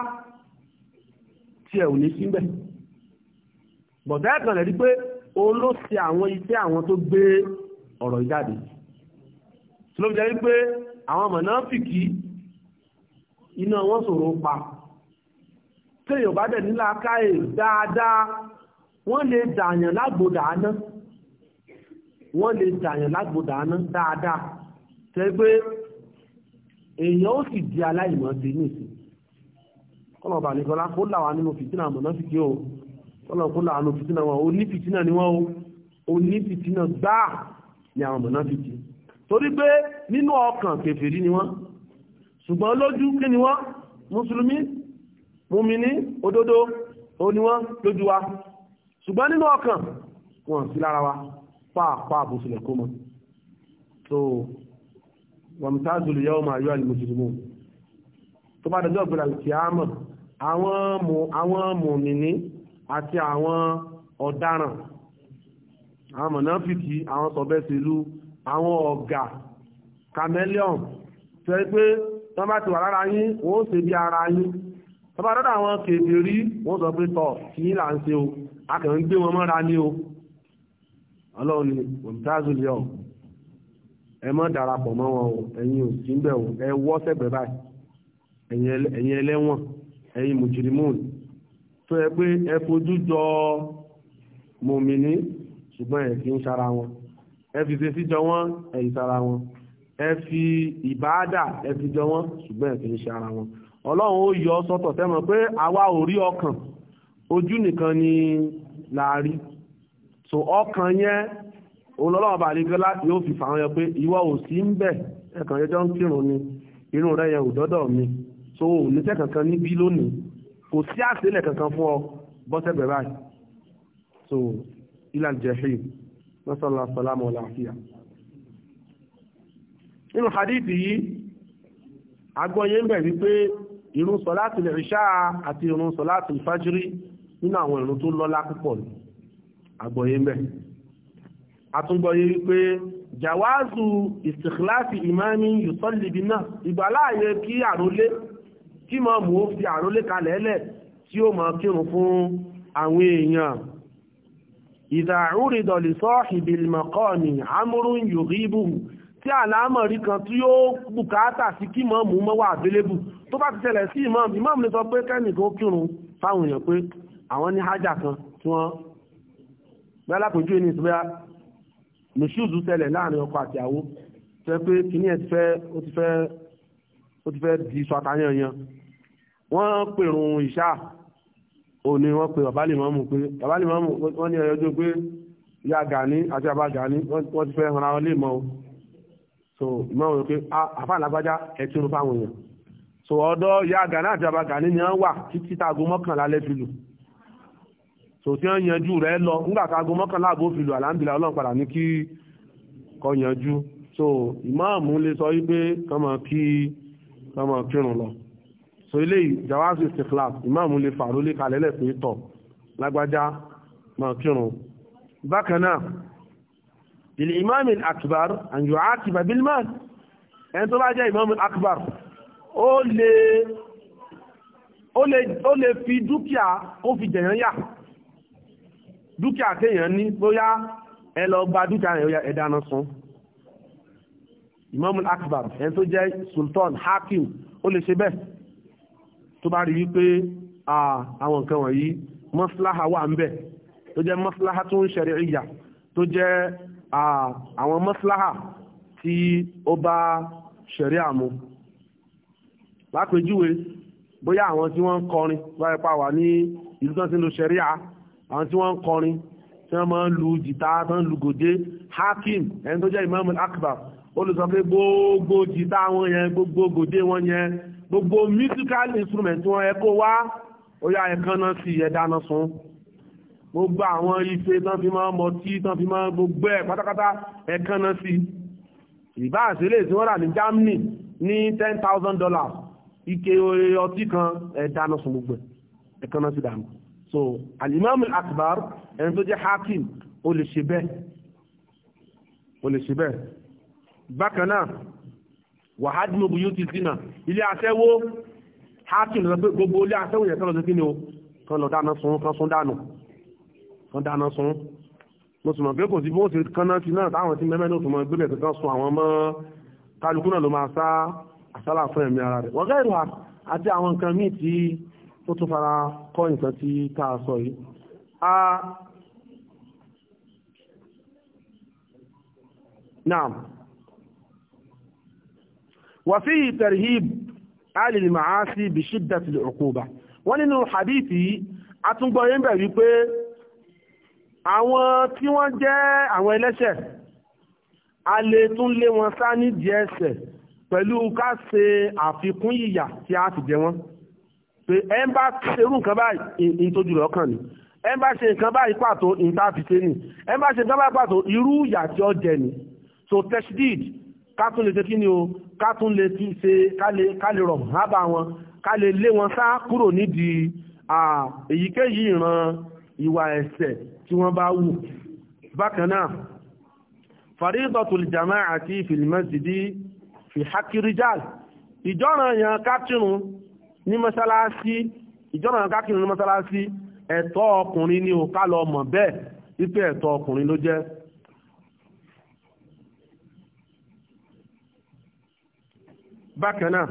S1: tí ẹ̀ ò ní síbẹ̀ bọ̀dá ẹ̀kan rẹ̀ rí pé òun ló ṣe àwọn iṣẹ́ àwọn tó gbé ọ̀rọ̀ ìjáde tí ló fi jẹ́ wípé àwọn mọ̀nàfìkì iná wọn ṣòro pa téèyàn bá dẹ̀ nílá káyè dáadáa wọ́n lè dààyàn lágbòdà aná wọ́n lè dààyàn lágbòdà aná dáadáa tẹ́ pé èèyàn ó sì di aláìmọ̀ sí ní ìsìn kọ́nà ọba nìkan lápò làwọn nínú fìtínà àmọ̀ná sì kí o kọ́nà kó làwọn nínú fìtínà wọn ò fìtínà ni wọ́n ò ní fìtínà gbáà ni àwọn àmọ̀ná fi kí torí pé nínú ọkàn kèfèrí ni wọ́n ṣùgbọ́n lójú kí ni wọ́n mùsùlùmí mùmíní òdodo ó ní wọ́n lójú wa ṣùgbọ́n nínú ọkàn wọn sí lára wa pàápàá bó ṣẹlẹ̀ kó mọ́ so wàmtazul yawma ayyuhal mujrimun tó bá dọjọ́ ìgbéra ìkìámọ àwọn mùmìnì àti àwọn ọ̀daràn àwọn mọ̀nàfìkì àwọn sọ̀bẹ́sìlú àwọn ọ̀gà chameleon tó yẹ pé wọ́n bá ti wà lára yín wọ́n ó ṣe bí ara yín tó bá dọ́dọ̀ àwọn kèbèrí wọ́n sọ pé tọ̀ kí là ń ṣe o a kàn ń gbé wọn mọ́ra ní o ọlọ́run ni wàmtazul yawma ẹ má darapọ̀ mọ́ wọn o ẹ̀yin ò sí bẹ̀ o ẹ wọ́ sẹ́gbẹ̀ẹ́ báyìí ẹ̀yin ẹlẹ́wọ̀n ẹ̀yin mùjìrìmùn tó yẹ pé ẹ fojú jọ mùmìnì ṣùgbọ́n ẹ̀ kì í ṣara wọn ẹ fi ṣe síjọ wọn ẹ̀yìn ṣara wọn ẹ fi ìbáàdà ẹ fi jọ wọn ṣùgbọ́n ẹ̀ kì í ṣara wọn ọlọ́run ó yọ sọ́tọ̀ tẹ́mọ̀ pé àwa ò rí ọkàn ojú nìkan ni la rí so ọkàn yẹn òun lọ́lọ́wọ́ bá àlejò láti yóò fi fàwọn yọ pé ìwọ ò sí ń bẹ̀ ẹ̀kan yẹjọ́ ń kírun ni irun rẹ̀ yẹn ò dọ́dọ̀ mi so ò ní sẹ́kankan níbí lónìí kò sí àṣẹlẹ̀ kankan fún ọ bọ́sẹ̀ bẹ̀rẹ̀ báyìí so ilà jẹ̀hìn mọ́sálà sọlámù ọ̀làfíà nínú hadith yìí agbọ́yé ń bẹ̀ wípé irun sọláàtì ìṣá àti irun sọláàtì ìfájírí nínú àwọn irun tó lọ́lá púpọ̀ agbọ́yé ń bẹ̀ àtúngbọ̀yé wípé jàwázù ìsìkìláàfì ìmáàmí yùsọ́lìbì náà ìgbàláàyè kí àrólé kí mọ́ mú fi àrólé kalẹ̀ẹ́lẹ̀ tí ó máa kírun fún àwọn èèyàn ìdàrúrìdọ̀lì sọ́ọ̀hìbì mọ̀kọ́ọ̀nì amúrún yòríbù tí àlámọ̀rí kan tí ó bùkátà sí kí mọ́ mú mọ́wà àbélébù tó bá ti tẹ̀lẹ̀ sí ìmáàmù ìmáàmù lè sọ pé kẹ́nìkan kírun fáwọn èèyàn pé àwọn ní hájà kan tí wọ́n bẹ́ẹ̀ ní ìsúbẹ́yà nùṣùzù ṣẹlẹ̀ láàrin ọkọ àti àwo tó yẹ pé kìíní ẹ̀ ti fẹ́ ó ti fẹ́ di iṣu àtàyàn yan wọ́n pèrún ìṣá òní wọ́n pe bàbá lè mọ́mù pé bàbá lè mọ́mù wọ́n ní ẹyọjọ́ pé ìyá gani àti bàbá gani wọ́n ti fẹ́ hànra wọn mọ́ o so ìmọ̀ wọ́n pé àfáà lágbájá ẹ̀tún fáwọn èèyàn so ọ̀dọ̀ ìyá gani àti bàbá gani ni wọ́n wà títí taago mọ́kànlá lẹ́fìlù tòtí wọn yanjú rẹ̀ lọ nígbà kágo mọ́kànlá àbò fìlú àlàǹdìlà ọlọ́run padà ní kí kọ yanjú so ìmáàmù lè sọ wípé kọmọ kí kọmọ kírun lọ so eléyìí jawazi istikhlaf ìmáàmù lè fàró lè kalẹ̀ lẹ̀ pé tọ̀ lágbájá mọ kírun bákan náà ìlú ìmáàmù akbar àyù àkìbà bilman ẹni tó bá jẹ́ ìmáàmù akbar ó lè ó lè fi dúkìá ó fi jẹ̀yàn yà dúkìá téèyàn ní bóyá ẹ lọ gba dúkìá rẹ̀ ẹ dáná sun imam akbar ẹni tó jẹ́ sultan hakim ó lè ṣe bẹ́ẹ̀ tó bá rí wípé àwọn nǹkan wọ̀nyí mọ́síláhà wà ń bẹ̀ tó jẹ́ mọ́síláhà tó ń ṣẹ̀rẹ̀ ìyà tó jẹ́ àwọn mọ́síláhà tí ó bá ṣẹ̀rẹ̀ àmú lápèjúwe bóyá àwọn tí wọ́n ń kọrin wáyé pa wà ní ìlú tó ti ń lo ṣẹ̀ríà àwọn tí wọ́n ń kọrin tí wọ́n máa ń lu jìtá tán lu gòdé hakim ẹni tó jẹ́ imam akbar olùsọ pé gbogbo jìtá wọn yẹn gbogbo gòdé wọn yẹn gbogbo musical instrument wọn ẹ kó wá ó yá ẹ̀kan náà sí ẹ̀ dáná sun gbogbo àwọn ife tán fi máa ń mọtí tán fi máa ń gbogbo ẹ̀ pátápátá ẹ̀kan náà sí ìbá àṣẹlẹ̀ tí wọ́n rà ní Germany ní ten thousand dollars ike ọtí kan ẹ̀ dáná sun gbogbo ẹ̀ ẹ̀kan náà sí dànù so alimami akbar ẹni tó jẹ́ hakim ó lè ṣe bẹ́ẹ̀ ó lè ṣe bẹ́ẹ̀ bákan náà wàhádìmọ̀ bu yóò ti zina ilé aṣẹ́wó hakim lọ pé gbogbo ilé aṣẹ́wó yẹn kan lọ sí kí ni o kan lọ dáná sun kan sun dànù kan dáná sun mo sì mọ̀ pé kò sí bí wọ́n ti náà ti náà táwọn ti mẹ́mẹ́ ní òtùmọ̀ ìgbélẹ̀ kankan sun àwọn ọmọ kálukú náà ló máa sá àsálà fún ẹ̀mí ara rẹ̀ wọ́n gẹ́rù àti àwọn nǹkan míì tí ó tún fara kọ́ nǹkan tí tá a sọ yìí a naam wà fi tarhib alìlì màá sí bí shiddati al-uquba wọ́n nínú hadithi atúngbọ́ yẹn bẹ̀ wípé àwọn tí wọ́n jẹ́ àwọn ẹlẹ́ṣẹ̀ a lè tún lé wọn sá nídìí ẹ̀ṣẹ̀ pẹ̀lú ká ṣe àfikún ìyà tí a ti jẹ wọ́n pé ẹ ń bá ṣerú nǹkan báyìí ìtọ́jú rẹ̀ ọkàn ni ẹ ń bá ṣe nǹkan báyìí pàtó ìta ni ẹ ń bá ṣe nǹkan báyìí pàtó irú ìyà tí ó jẹ ni so tested ká tún lè ṣe kí ni o ká tún lè fi ṣe ká lè rọ̀ hábà wọn ká lè lé wọn sá kúrò nídìí èyíkéyìí ìran ìwà ẹ̀ṣẹ̀ tí wọ́n bá wù bákan náà faridatul jama'ati fil masjidi fi hakki ìjọ́ràn yàn ká tírun ní mọ́ṣáláṣí ìjọ́nà kákìrún ní mọ́ṣáláṣí ẹ̀tọ́ ọkùnrin ni ò ká lọ mọ̀ bẹ́ẹ̀ wípé ẹ̀tọ́ ọkùnrin ló jẹ́ bákan náà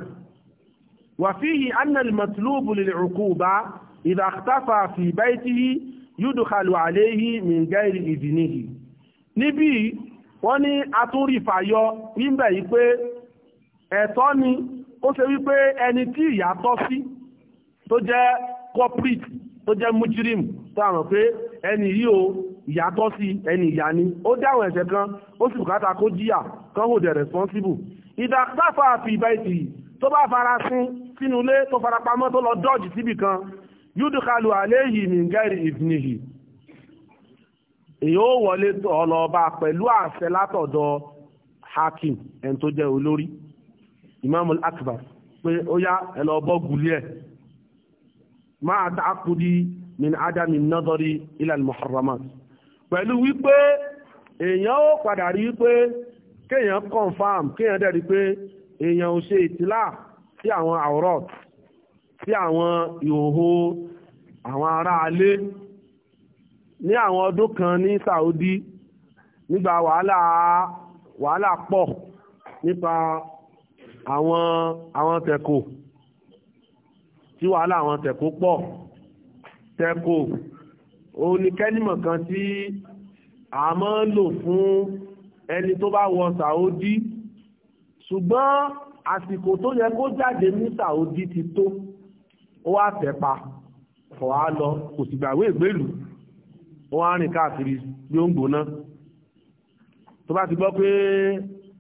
S1: wà fíhì annal matlubu lil uquba idha ikhtafa fi baytihi yudkhalu alayhi min ghairi idnihi níbí wọ́n ní atúrí fàyọ níbẹ̀ yìí pé ẹ̀tọ́ ni ó ṣe wípé ẹni tí ìyà tọ́ sí tó jẹ́ corporate tó jẹ́ mujirim tó àmọ̀ pé ẹni yìí o ìyà tọ́ sí ẹni ìyà ni ó dáhùn ẹ̀ṣẹ̀ kan ó sì bùkátà kó jìyà kan hold responsible ìdàgbàfà àfi ìbá ìtì tó bá fara sún sínú ilé tó fara pamọ́ tó lọ dọ́ọ̀jì síbì kan yúdùkàlù àléyìí nìgẹ́rì ìfìnìyì èyí ó wọlé ọlọ́ọ̀bá pẹ̀lú àṣẹ látọ̀dọ̀ hakim ẹni tó jẹ́ olórí imam al-akbar pé ó yá ẹ lọ bọ́ gùlẹ̀ máa ta akudi min adami nadari ilal muharramat pẹ̀lú wípé èèyàn ó padà rí pé kéèyàn confam kéèyàn dẹ̀ rí pé èèyàn ò ṣe ìtìlá sí àwọn àwòrán sí àwọn ìhòhò àwọn ará ní àwọn ọdún kan ní Saudi nígbà wàhálà wàhálà pọ̀ nípa àwọn àwọn tẹ̀kò tí wàhálà àwọn tẹ̀kò pọ̀ tẹ̀kò òun ni kẹ́nìmọ̀ kan tí a máa ń lò fún ẹni tó bá wọ Saudi ṣùgbọ́n àsìkò tó yẹ kó jáde ní Saudi ti tó ó wá tẹ̀pa kọ̀ á lọ kò sì gbàwé ìgbélùú ó wá rìn káàkiri bí tó bá ti gbọ́ pé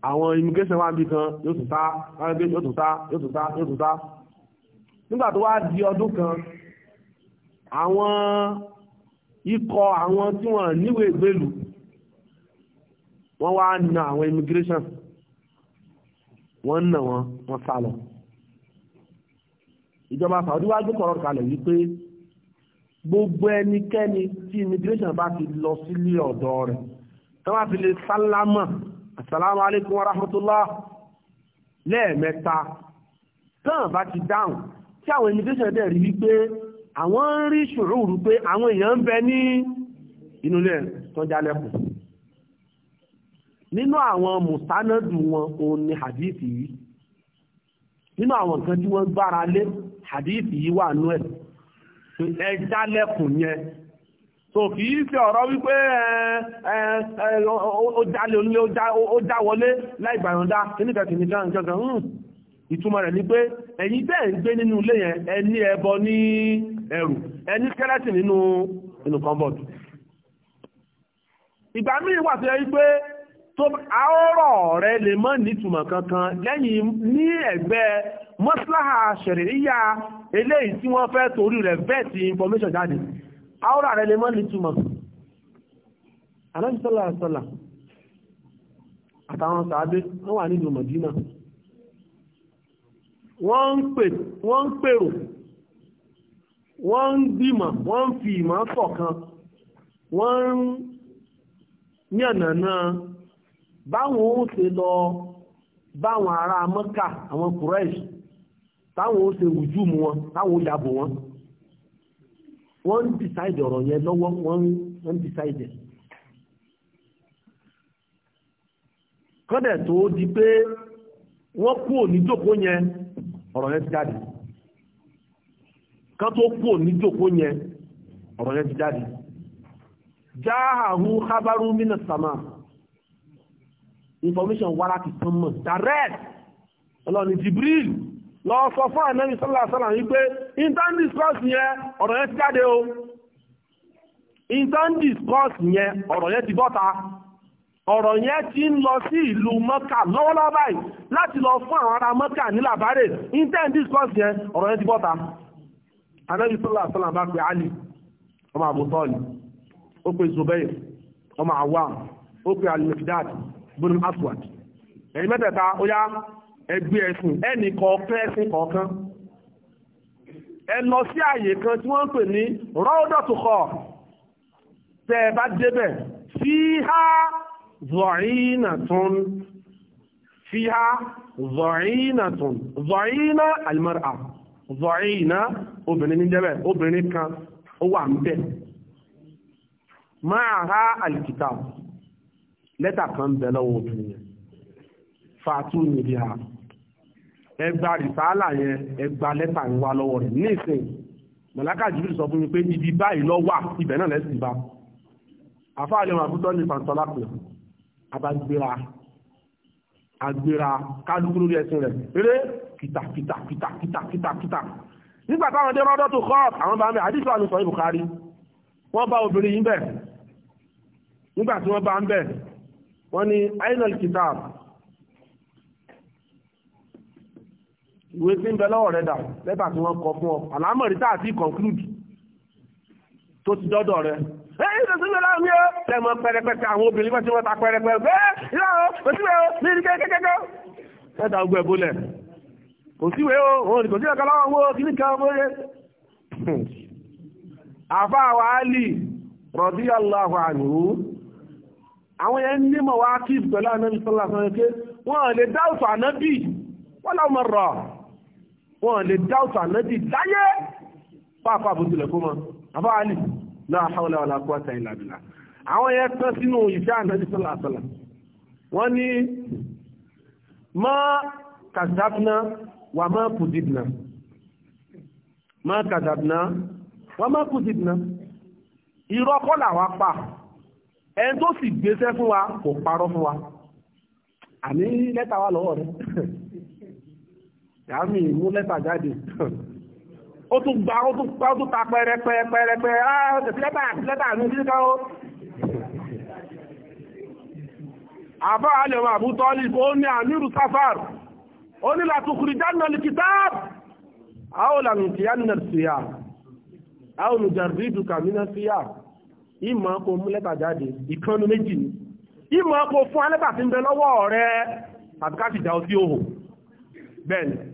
S1: àwọn immigration wá ń bí kan yóò tún tá yóò tún tá yóò tún tá yóò tún tá nígbà tó wá di ọdún kan àwọn ikọ̀ àwọn tí wọ́n níwèé gbèlú wọ́n wá na àwọn immigration wọ́n nà wọ́n wọ́n sá lọ ìjọba Saudi wá kọ̀rọ̀ kalẹ̀ wípé gbogbo ẹnikẹ́ni tí immigration bá ti lọ sílé ọ̀dọ̀ rẹ̀ tó bá ti lè sálámà asalaamu alaykum wa rahmatulah lẹ́ẹ̀mẹ́ta tán bá ti dáhùn tí àwọn immigration dẹ̀ rí wípé àwọn ń rí ṣùúrù pé àwọn èèyàn ń bẹ ní inú ilé tó jálẹ̀kùn nínú àwọn mùsánádù wọn òun ni hadithi yìí nínú àwọn nǹkan tí wọ́n gbára lé hadithi yìí wà nú ẹ̀ ẹ jálẹ̀kùn yẹn so kì í ṣe ọ̀rọ̀ wípé ó jálẹ̀ onílé ó já wọlé láì gbàyànjá kíníkàkì ní kankan ìtumọ̀ rẹ̀ ni pé ẹ̀yin bẹ́ẹ̀ ń gbé nínú ilé yẹn ẹni ẹbọ ní ẹrù ẹni skeleton nínú inú kọ́ńbọ̀dù ìgbà míì wà tó yẹ wípé àórọ̀ rẹ̀ lè mọ́ nítumọ̀ kankan lẹ́yìn ní ẹ̀gbẹ́ mọ́síláhà ṣẹ̀rẹ̀ríyà eléyìí tí wọ́n fẹ́ torí rẹ̀ bẹ́ẹ̀ ti information jáde áwòrán rẹ̀ lè mọ́ lè túmọ̀ anábì sọ́lá sọ́lá àtàwọn sàábé wọ́n wà nínú Mọ̀dínà wọ́n ń pèrò wọ́n ń wọ́n fi ìmọ̀ kọ̀ọ̀kan wọ́n ń yànnàná báwọn ó ṣe lọ báwọn ará Mọ́kà àwọn Kùrẹ́ṣì táwọn ó mu wọn táwọn ó yàbò wọn wọ́n ń decide ọ̀rọ̀ yẹn lọ́wọ́ wọ́n ń decide kọ́dẹ̀ tó di pé wọ́n kú òníjòkó yẹn ọ̀rọ̀ yẹn ti jáde kan tó kú òníjòkó yẹn ọ̀rọ̀ yẹn ti jáde jáàhù hábárú mínà sàmà information wára ti tán mọ̀ direct ọlọ́ni Jibril lọ fún ànẹ́bí sọ́lá sọ́lá wípé intern discourse yẹn ọ̀rọ̀ yẹn o ọ̀rọ̀ yẹn ti bọ́ta ọ̀rọ̀ yẹn lọ sí ìlú lọ́wọ́lọ́wọ́ báyìí láti lọ fún àwọn ará ní làbárè ọ̀rọ̀ yẹn ti bọ́ta sọ́lá sọ́lá bá pe Ali ọmọ ó pe ọmọ àwa ó pe ẹgbẹ́ ẹ̀sìn ẹnì kọ̀ọ̀kan ẹ̀sìn kọ̀ọ̀kan ẹ lọ sí àyè kan tí wọ́n ń pè ní rọ́ọ̀dọ̀tùkọ̀ tẹ́ ẹ bá débẹ̀ fíhá zọ̀rínàtún fíhá zọ̀rínàtún zọ̀rínà àlùmọ́ra zọ̀rínà obìnrin ní débẹ̀ obìnrin kan ó wà ń máa ha alìkìtà lẹ́tà kan bẹ̀ lọ́wọ́ obìnrin fàtúnyìí ha ẹgbà rìsáàlà yẹn ẹgbà lẹ́tà ń wá lọ́wọ́ rẹ̀ nísìn mọ̀láká jùlọ sọ fún mi pé ibi báyìí lọ wà ibẹ̀ náà lẹ́sìn bá àfa àlẹ́ wọn àbútọ́ ní fàǹtọ́lá pè abagbera agbera kálukú lórí ẹsìn rẹ̀ eré kìtà kìtà kìtà kìtà kìtà kìtà nígbà táwọn dé rọ́dọ́ tó kọ́ àwọn bá ń bẹ àdìsí wà ní sọ bá obìnrin yìí bẹ̀ nígbà tí wọ́n bá ń bẹ̀ wọ́n ní ainal kitab ìwé tí ń bẹ lọ́wọ́ rẹ̀ dà lẹ́tà tí wọ́n kọ fún ọ àlámọ̀rí tá àti conclude tó ti dọ́dọ̀ rẹ̀ ẹ ẹ ìdọ̀tí mi láàmú yẹ tẹmọ pẹrẹpẹtẹ àwọn obìnrin pẹ tí wọ́n ta pẹrẹpẹtẹ ẹ ìlànà òsìwé o ní ìdíkẹ kẹkẹkẹ lẹ́tà ogun ẹ̀bọlẹ̀ òsìwé o òun kò sí ọ̀kan láwọn owó kìíní kan bóyá àfa àwọn àlì radiyallahu anhu àwọn yẹn ní mọ̀ wá kí pẹ̀lú ànábì sọ́lá sọ́lá pé wọ́n lè dáùtù ànábì wọ́n làwọn rọ̀ wọ́n lè dáùtù ànábì láyé pàápàá àbútulẹ̀ kó mọ́ àbáàlì náà hawla wala quwwata illa billah àwọn yẹn tán sínú ìfẹ́ ànábì sọ́lá àsọ́lá wọ́n ní ma kazabna wa ma kudibna ma kazabna wa ma kudibna irọ́ kọ́ làwa pa ẹni tó sì gbéṣẹ́ fún wa kò parọ́ fún wa àní lẹ́tà wa lọ́wọ́ rẹ̀ àmì ìmú lẹ́tà jáde ó tún gba ó tún pa ó tún ta pẹrẹpẹrẹpẹrẹ ah lẹ́tà lẹ́tà mi sí ká ó àbá alẹ́wọ̀n àbú tọ́lì ó ní àmìrù sáfàr ó ní látùkùrì jáde lè kìtàb àwọn olàmìtì yánà síyà àwọn olùjẹ̀rì ìdùkà mìíràn síyà ìmọ̀ kò mú lẹ́tà jáde ìkànnì méjì ni ìmọ̀ kò fún alẹ́bà tí ń bẹ lọ́wọ́ rẹ̀ tàbí ká sì dá ọ sí òhò bẹ́ẹ̀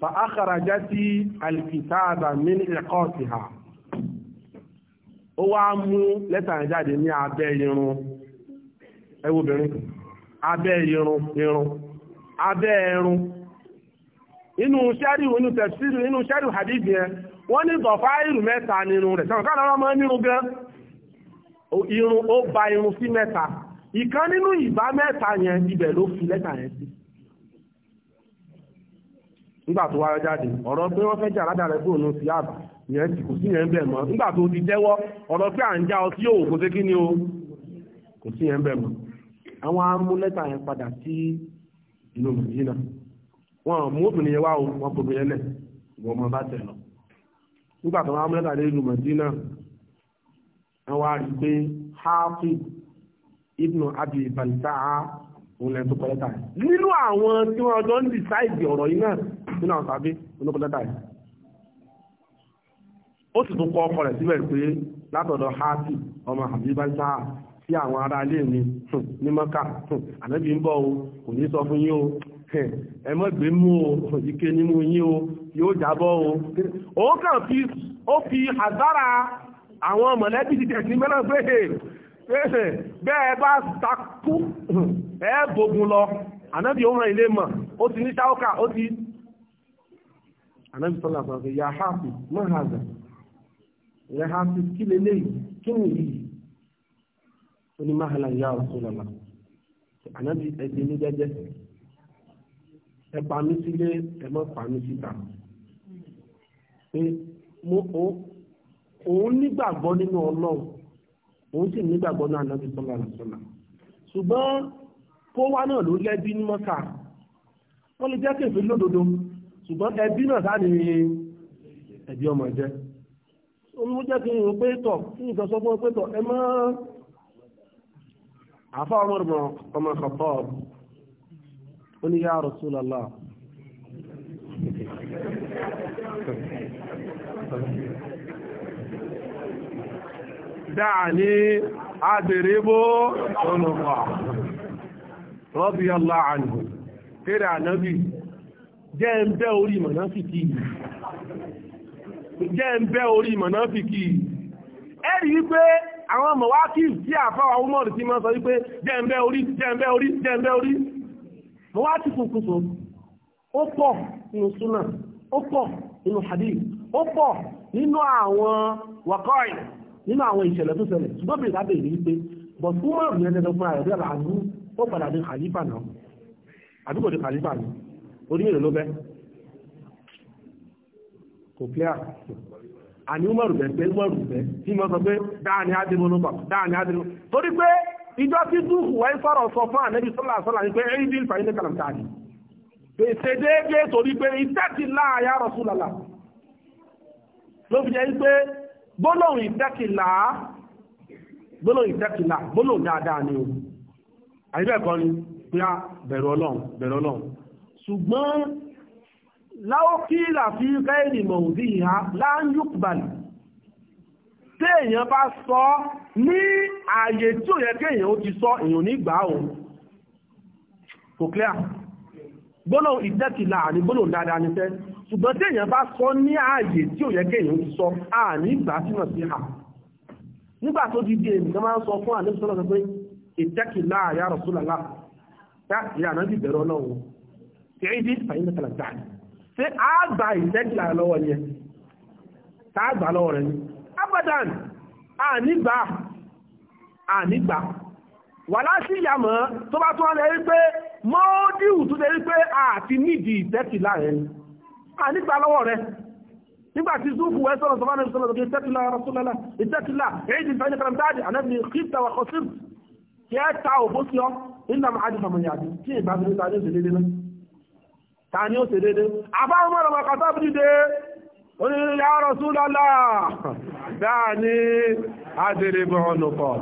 S1: fa akharajati alkitaba min iqatiha ó wá mú lẹ́tà yẹn jáde ní abẹ́ irun ẹ wo obìnrin abẹ́ irun irun abẹ́ irun inú sẹ́ríù inú tẹ̀síìrù inú sẹ́ríù hadith yẹn wọ́n ní dọ̀fá irun mẹ́ta nínú rẹ̀ sọ̀rọ̀ káàdà ọmọ nírun gan irun ó ba irun sí mẹ́ta ìkan nínú ìbá mẹ́ta yẹn ibẹ̀ ló fi lẹ́tà yẹn sí nígbà tó wáyọ jáde ọ̀rọ̀ pé wọ́n fẹ́ jà ládàrẹ fóònù sí àbá yẹn ti kò sí yẹn bẹ̀ mọ́ nígbà tó ti jẹ́wọ́ ọ̀rọ̀ pé à ń já ọ sí òwò kò sí kí ni o kò sí yẹn bẹ̀ mọ́ àwọn amúlẹ́ta yẹn padà sí ìlú wọn mú obìnrin yẹn wá o wọn kò bẹ̀rẹ̀ lẹ̀ mọ bá tẹ̀ lọ òun lẹ́nu tó kọ́ ndị yìí nínú àwọn tí wọ́n jọ ń dìsáìdì ọ̀rọ̀ nínú àwọn tàbí ó sì tún kọ ọkọ rẹ̀ síbẹ̀ pé látọ̀dọ̀ hati ọmọ àbíbáńsá sí àwọn ará ilé mi ní mọ́kà ànábì ń bọ̀ o kò ní sọ fún yín o ẹ o ike nínú yín o yóò jábọ́ o ó kàn fi bẹ́ẹ̀ bá takú ẹ́ẹ̀bògùn lọ ànábì ó rán ilé mọ̀ ó ti ní táwọ́kà ó ti ànábì sọ́lá sọ́lá sọ́lá ya hafi mahaza ya hafi kí lélẹ̀ kí ni yìí ó ní mahala ya Rasulullah ànábì ẹ̀dẹ̀ ní jẹ́jẹ́ ẹ pa mí sílé ẹ mọ́ pa mí síta pé mo òun nígbàgbọ́ nínú ọlọ́run òun sì nígbàgbọ́ náà nàbí sọ́lá àlùsọ́lá ṣùgbọ́n kó wá náà ló lẹ́bí ní mọ́kà wọ́n lè jẹ́ kèfé lódodo ṣùgbọ́n ẹbí náà sáà ní ẹbí ọmọ jẹ́ omi ó jẹ́ kí n rò pé tọ̀ kí n sọ sọ fún ọ pé tọ̀ ẹ mọ́ àfa ọmọ ọmọ ọmọ ọ̀pọ̀ ó ní yá Rasulullah dáàní adìríbó olùkọ́ rọ́bí ọlá ànìyàn kéré ànábì jẹ́ ń bẹ́ orí mọ̀náfìkì jẹ́ ń bẹ́ wípé àwọn ọmọ wákì tí àfáwà umọ̀rì tí máa sọ wípé jẹ́ ń bẹ́ orí jẹ́ ń bẹ́ orí jẹ́ ń bẹ́ orí wá nínú àwọn ìṣẹ̀lẹ̀ tó ṣẹlẹ̀ ṣùgbọ́n bí ìdábẹ̀ ìlú pé but umar yẹn dandan fún ààrẹ bẹ́ẹ̀ làánú ó padà di khalifa náà àdúgbò di khalifa ni onímọ̀ ló bẹ́ kò clear àní umar bẹ́ pé umar bẹ́ tí mo sọ pé dáa ni adé monopam dáa ni adé torí pé ìjọ tí dúkù wáyé sọ̀rọ̀ sọ fún ànẹ́bí sọ́là sọ́là ní pé èyí bí ìfàyín ní kàlàmtà ni pèsè déédéé torí pé ìtẹ́tì láàyà rọ̀ sùlàlà ló fi jẹ́ pé gbólóhùn ìtẹ́kìlá gbólóhùn ìtẹ́kìlá gbólóhùn dáadáa ni o àyíbẹ̀kọ́ ni pé a bẹ̀rù ọlọ́run bẹ̀rù ọlọ́run ṣùgbọ́n láókìlà fi káìrì mọ̀hùndí ìhá láńyùkbàlì téèyàn bá sọ ní ààyè tí ò yẹ kéèyàn ó ti sọ èèyàn nígbà òun kò clear gbólóhùn ìtẹ́kìlá àní gbólóhùn dáadáa ni tẹ́ ṣùgbọ́n tí èèyàn bá sọ ní ààyè tí ò yẹ kéèyàn ti sọ àní ìgbà sínà sí hà nígbà tó di dé nǹkan máa ń sọ fún àlejò sọ́nà pé ìtẹ́kì láàyà rọ̀súlàlá tá ìyànà ti bẹ̀rẹ̀ ọlọ́run tí èyí bí fàyín ní kàlàgbà ṣé a gba ìtẹ́kì láàyà lọ́wọ́ yẹn tá a gbà lọ́wọ́ rẹ̀ ni abadan ànígbà ànígbà wàlá sí ìyàmọ́ tó bá tún wọn lè pé mọ́ọ́díù a nígbà lọ́wọ́ rẹ̀ nígbàtí zufu wẹ́ sọ́rọ̀ sọ́rọ̀ sọ́rọ̀ sọ́rọ̀ ìtẹ́tìlá rasulala ìtẹ́tìlá èyí fẹ́ ní karamtáàdì anábì kíta wà kọsìm kí ẹ ta òfó sí ọ nínú àwọn àdìsọ mọ̀ yàtì tí ìbá fi ta ní ó ṣe déédéé náà ta ni ó ṣe déédéé àbáwọn mọ̀rọ̀ wà kàtà bí dé onílẹ̀ rasulala dáa ní adìrìbọ̀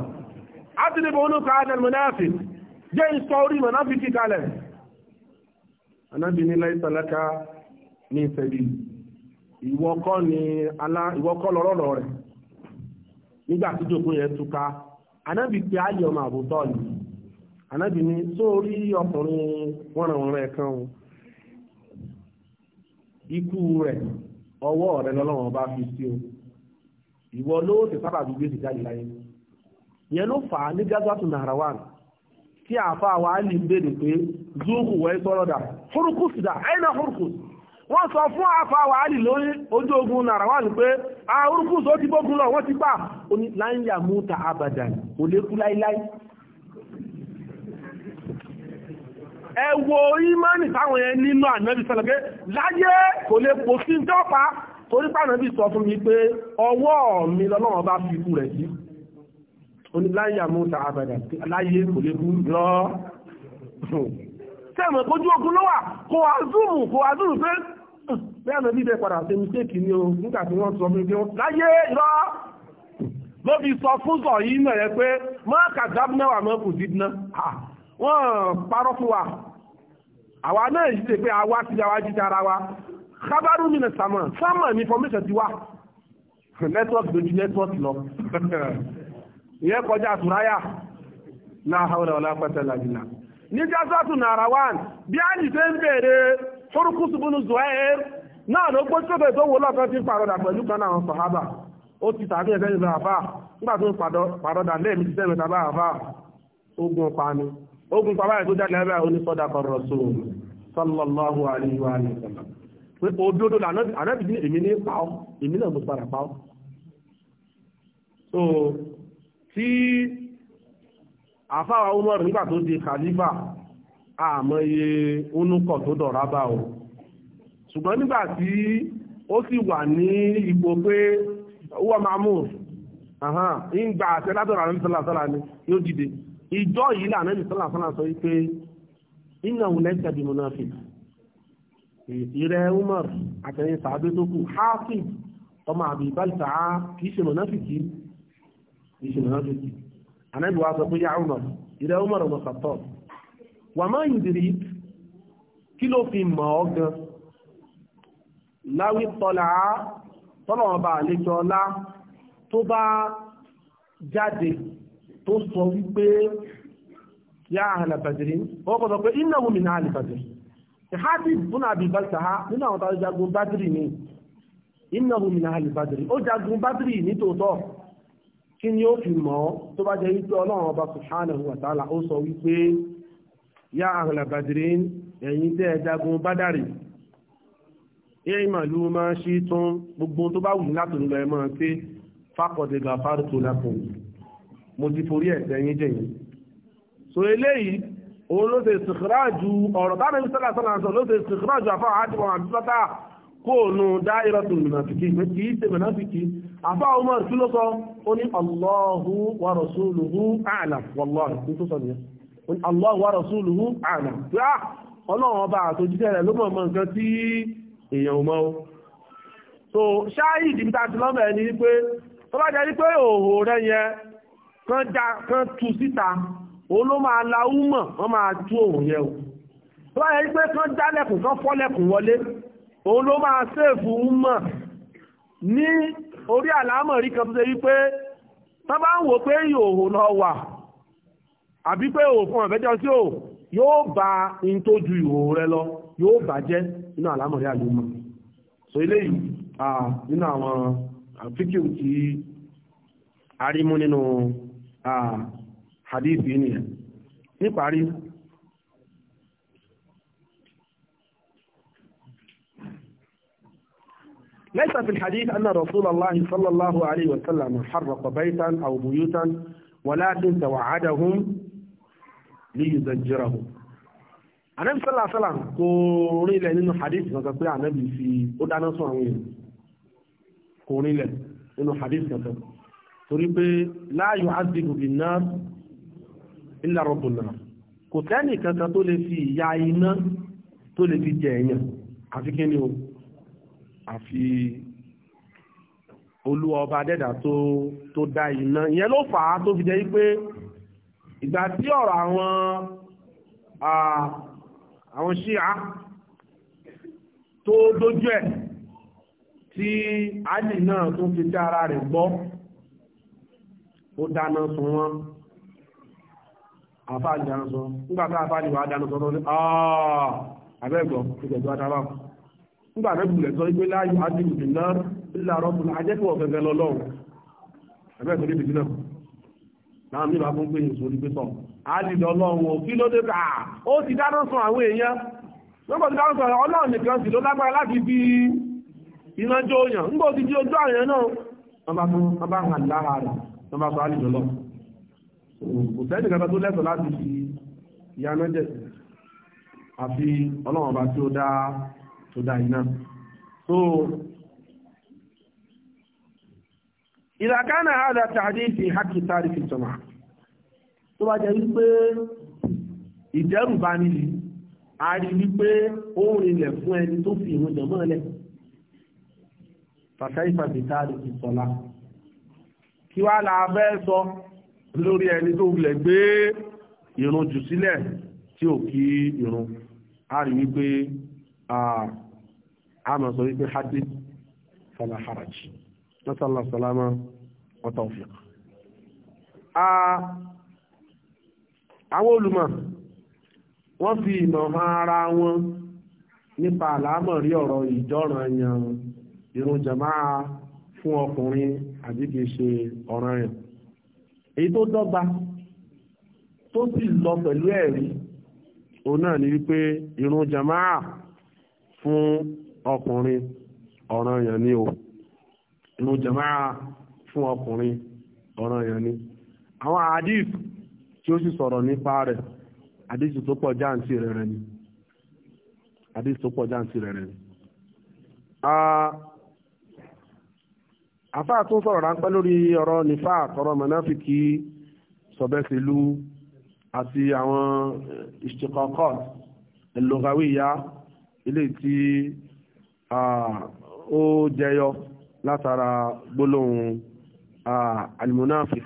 S1: ní ìfẹ̀bí ìwọ ni alá ìwọ kọ́ rẹ̀ nígbà tí jòkó yẹn túká anábì pé ayé ọmọ àbútọ́ ni anábì ní sórí ọkùnrin kan o ikú rẹ̀ ọwọ́ rẹ̀ lọ́lọ́wọ́n bá fi sí o ìwọ ló ti sábà gbígbé jáde láyé yẹn ló fà á ní àáfàá wa lè béèrè pé wọ́n sọ fún àfàwà àlì lórí ojú ogun nàrà wà ní pé àrùkùn tó ti gbógun lọ wọ́n ti pa oní láyà múta àbàdà kò lékú láíláí ẹ wo ìmánì táwọn yẹn nínú ànábì sọ́lọ́gẹ́ láyé kò lè pò sí tọ́pa torí pànábì sọ fún mi pé ọwọ́ mi lọ́lọ́wọ́ bá fi ikú rẹ̀ sí oní láyà múta àbàdà láyé kò lékú lọ tẹ́mọ̀ kójú ogun lọ́wà kò azúmù kò azúmù pé bẹ́ẹ̀ lọ bíbẹ̀ padà ṣe mistake ni o nígbà tí wọ́n sọ fún mi láyé lọ ló fi sọ fún sọ yìí náà yẹ pé mọ́ kàdábùnà mọ́ kò dídínà wọ́n parọ́ fún wa àwa náà yìí ṣe pé àwa ti àwa jíjà ara wa kábàrú mi nà sàmà sàmà ní information ti wá network dojú network lọ ìyẹn kọjá àtúráyà náà hàwọlẹ̀ ọ̀lá pẹ̀tẹ̀ làjìnà ní jásọ́tù nàràwán bí a nìfẹ́ ń bèèrè Fúrúkúsù búnú Zuhair náà ló gbó sóbẹ̀ tó wò lọ́kàn tí pàrọ̀dà pẹ̀lú kan náà sàhábà. Ó ti tàbí ẹ̀fẹ́ ìlú àfà nígbà tó pàrọ̀dà lẹ́ẹ̀mí ti sẹ́mẹ̀ta bá àfà ogun pa ni. Ogun pa báyìí tó jáde lábẹ́ onísọ́dà kọ̀rọ̀ sóò sallallahu alayhi wa sallam. Pé òdodo ànábì ní èmi ní pa ọ́, èmi náà mo padà pa ọ́. So tí àfáwà Umar nígbà tó di Khalifa àmọye onúkọ̀ tó dọ̀rá bá o ṣùgbọ́n nígbà tí ó sì wà ní ipò pé owó mahmood ń gba àṣẹ látọ̀rọ̀ àwọn ìṣẹ́lá ni yóò dìde ìjọ yìí lànà ìṣẹ́lá sọ́la sọ wípé iná òun lẹ́sẹ̀ bí munafik ìrẹ́ Umar àtẹ̀yìn sàádé tó kù hafiz ọmọ àbí ìbálìta kìí ṣe munafik kìí ṣe munafik kìí ànábì wa sọ pé yá Umar ìrẹ́ Umar ọmọ Khattab wà máa yùdìrí kí ló fi mọ̀ ọ́ gan láwí tọ́lá tọ́lọ̀ọba àlejò ọlá tó bá jáde tó sọ wípé yá àhàlàbàdìrí ọkọ̀ sọ pé iná wùmí náà àlèbàdìrí ìhádìí bùn àbí bàtàhá nínú àwọn tàbí jagun bádìrí ni iná wùmí náà àlèbàdìrí ó jagun bádìrí nítòótọ́ kí ni ó fi mọ̀ tó bá jẹ́ wípé ọlọ́run ọba subhanahu wa ta'ala ó sọ wípé yá ahla badrin ẹ̀yin tẹ́ ẹ jagun bádàrí ìmàlú máa ṣí tún gbogbo tó bá wù láti lọ ẹ máa ṣe faqad ghafartu lakum mo ti forí ẹ̀ṣẹ̀ yín jẹ̀yìn so eléyìí òun ló ṣe sìkìráàjù ọ̀rọ̀ táwọn ẹbí sọ́lá sọ́lá sọ ló ṣe sìkìráàjù àfáà àdìbọn àbí sọ́tà kóònù dáírọ̀tún mìnàfikì méjì ṣe mìnàfikì àfá Umar kí ló sọ ó ní Allahu wa rasuluhu a'lam wallahi tó sọ nìyẹn Allah wa rasuluhu àná pé à ah, ọlọ́run ọba àtòjíṣẹ́ rẹ̀ ló so ṣáàyì ìdìbí tá a ti lọ́mọ̀ ẹni wípé tó bá jẹ́ wípé òhò rẹ̀ yẹn kan já kan tú síta òun ló máa la úmọ̀ wọ́n máa tú òhò yẹn o tó bá jẹ́ wípé kan jálẹ̀kùn kan fọ́lẹ̀kùn wọlé òun ló máa sèfù úmọ̀ ní orí àlámọ̀rí kan tó àbí pé òfin ọ̀bẹ́jọ́ sí ò yóò bá in tó ju ìhòòhò rẹ lọ yóò bà jẹ́ inú àlámọ̀rí àlùmọ̀ so eléyìí nínú àwọn fíkìù tí a rí mú nínú hadithi nìyẹn níparí ليس في الحديث أن رسول الله صلى الله عليه وسلم حرق بيتا أو بيوتا ولكن توعدهم ní ìzẹ̀jẹ̀rọ̀hùn ànábì sọ́là sọ́là kò rí ilẹ̀ nínú hadith kankan pé ànábì fi ó dáná sún àwọn èèyàn kò rí ilẹ̀ nínú hadith kankan torí pé láàyò azibu bin nar illa rabbun nar kò tẹ́nì kankan tó lè fi ìyà iná tó lè fi jẹ èèyàn àfi kí o àfi olúwa ọba adẹ́dà tó dá iná ìyẹn ló fà á tó fi jẹ́ pé ìgbà tí ọ̀rọ̀ àwọn àwọn ṣíà tó dójú ẹ̀ tí alì náà tó fi tí ara rẹ̀ gbọ́ ó dáná sun wọn àfáà dáná sun nígbàtá àfáà ni wà dáná sun lórí àbẹ́gbọ̀ ìgbẹ̀gbẹ̀ adábà nígbà rẹ̀gbùlẹ̀ sọ pé láyé adìmùdì náà ìlàrọ̀bùn ajẹ́kọ̀ọ́ gẹ́gẹ́ lọ́lọ́run àbẹ́gbẹ̀ níbi náà náà mi bá fún pé èso orí pé sọ àdìdì ọlọ́run ò ló dé ká ó ti dáná sun àwọn èèyàn lọ́pọ̀ ti dáná sun ọlọ́run nìkan di ojú àyàn náà wọ́n bá hàn lára rẹ̀ wọ́n bá sọ àdìdì ọlọ́run kò tó láti ìlàkánà àdá tàbí fi hákì tàbí fi tọ̀mà tó bá jẹ́ wípé ìdẹ́rùbá nílì a rí wípé ó rinlẹ̀ fún ẹni tó fi ìrun jẹ̀ mọ́lẹ̀ fàṣáìfà fi tàbí fi sọ́lá kí wá la fẹ́ sọ lórí ẹni tó wulẹ̀ gbé ìrun jù sílẹ̀ tí ò kí ìrun a wípé a sọ wípé hadith fala haraj nasallah salama wa tawfiq àwọn olùmọ̀ wọ́n fi ìmọ̀ hàn ara wọn nípa àlámọ̀rí ọ̀rọ̀ ìjọ́ràn yan irun jàmáà fún ọkùnrin àbí kìí ṣe ọ̀ràn yàn èyí tó dọ́gba tó sì lọ pẹ̀lú ẹ̀rí òun náà ni wípé irun jàmáà fún ọkùnrin ọ̀ràn yàn ni o ìrun jama'a fún ọkùnrin ọ̀ràn yẹn ni àwọn hadith tí ó sì sọ̀rọ̀ nípa rẹ̀ hadith tó pọ̀ jáǹtì rẹ̀ rẹ̀ ni hadith tó pọ̀ jáǹtì rẹ̀ rẹ̀ ni. àfáà tún sọ̀rọ̀ ráńpẹ́ lórí ọ̀rọ̀ nífà àtọ̀rọ̀ mọ̀náfìkì sọ̀bẹ́sílú àti àwọn eh, ìṣèkọ̀kọ̀ ẹ̀lọ́gàwíyá ilé tí ó jẹyọ látara gbólóhùn almunafik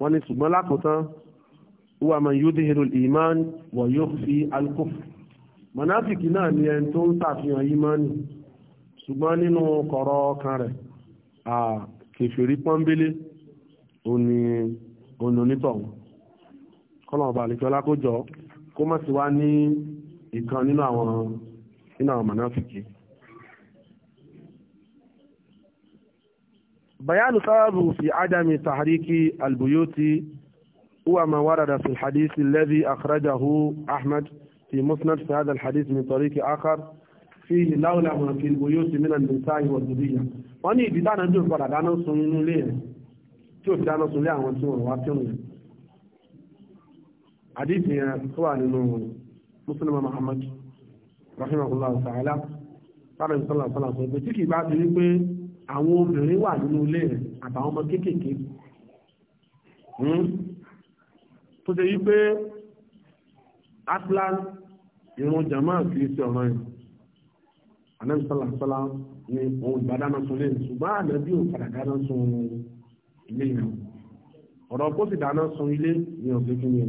S1: wọ́n ní ṣùgbọ́n lákòótán huwa man yudhiru al-iman wa yukhfi al-kufr mọ̀náfìkì náà ni ẹni tó ń tàfihàn ìmánì ṣùgbọ́n nínú kọ̀rọ̀ ọkàn rẹ̀ kèfèrí pọ́nbélé òní onítọ̀hún kọ́lọ̀n ọba àlejò alákójọ kó má sì wá ní ìkan nínú àwọn nínú bayanu sababu fi adami tahriki albuyuti huwa ma warada fi alhadith alladhi akhrajahu ahmad fi musnad fi hadha alhadith min tariqi akhar fihi laula ma fi albuyut min an-nisa'i wa dhurriyya wọ́n ní ibi dana do padà dáná sun inú le tí ó fi dáná sun le àwọn tí wọ́n wá muslim muhammad rahimahullah ta'ala sallallahu alaihi wasallam sọ pé tí kì ti ní pé àwọn obìnrin wà nínú ilé rẹ̀ àbáwọn ọmọ kéékèèké hmm? tó ṣe wípé aslan irun jama kìí ṣe ọ̀rọ̀ yìí anabi ni òun ìbádáná sun lé ṣùgbọ́n ànábì ò padà dáná sun ilé yẹn ọ̀rọ̀ kó sì dáná sun ilé ní ọ̀sẹ̀ kí ni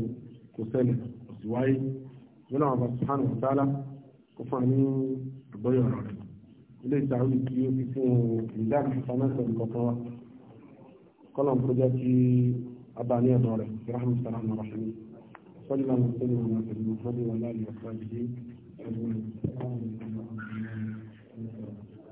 S1: kò ṣẹlẹ̀ kò sì wáyé nínú àwọn bàtà sùhánù kó fún wa ní àgbọ́yọ̀ ọ̀rọ̀ rẹ̀ ilé ìtàrí kí ó fi fún ìdáàbò fanáṣọ nǹkan wa kọ́nà kó jẹ́ kí abá ní ọ̀dọ́ rẹ̀ rahmu salam rahim sọ́lá mọ̀ sínú ọ̀nà ìlú fọ́dún wọn láàrin ọ̀sán yìí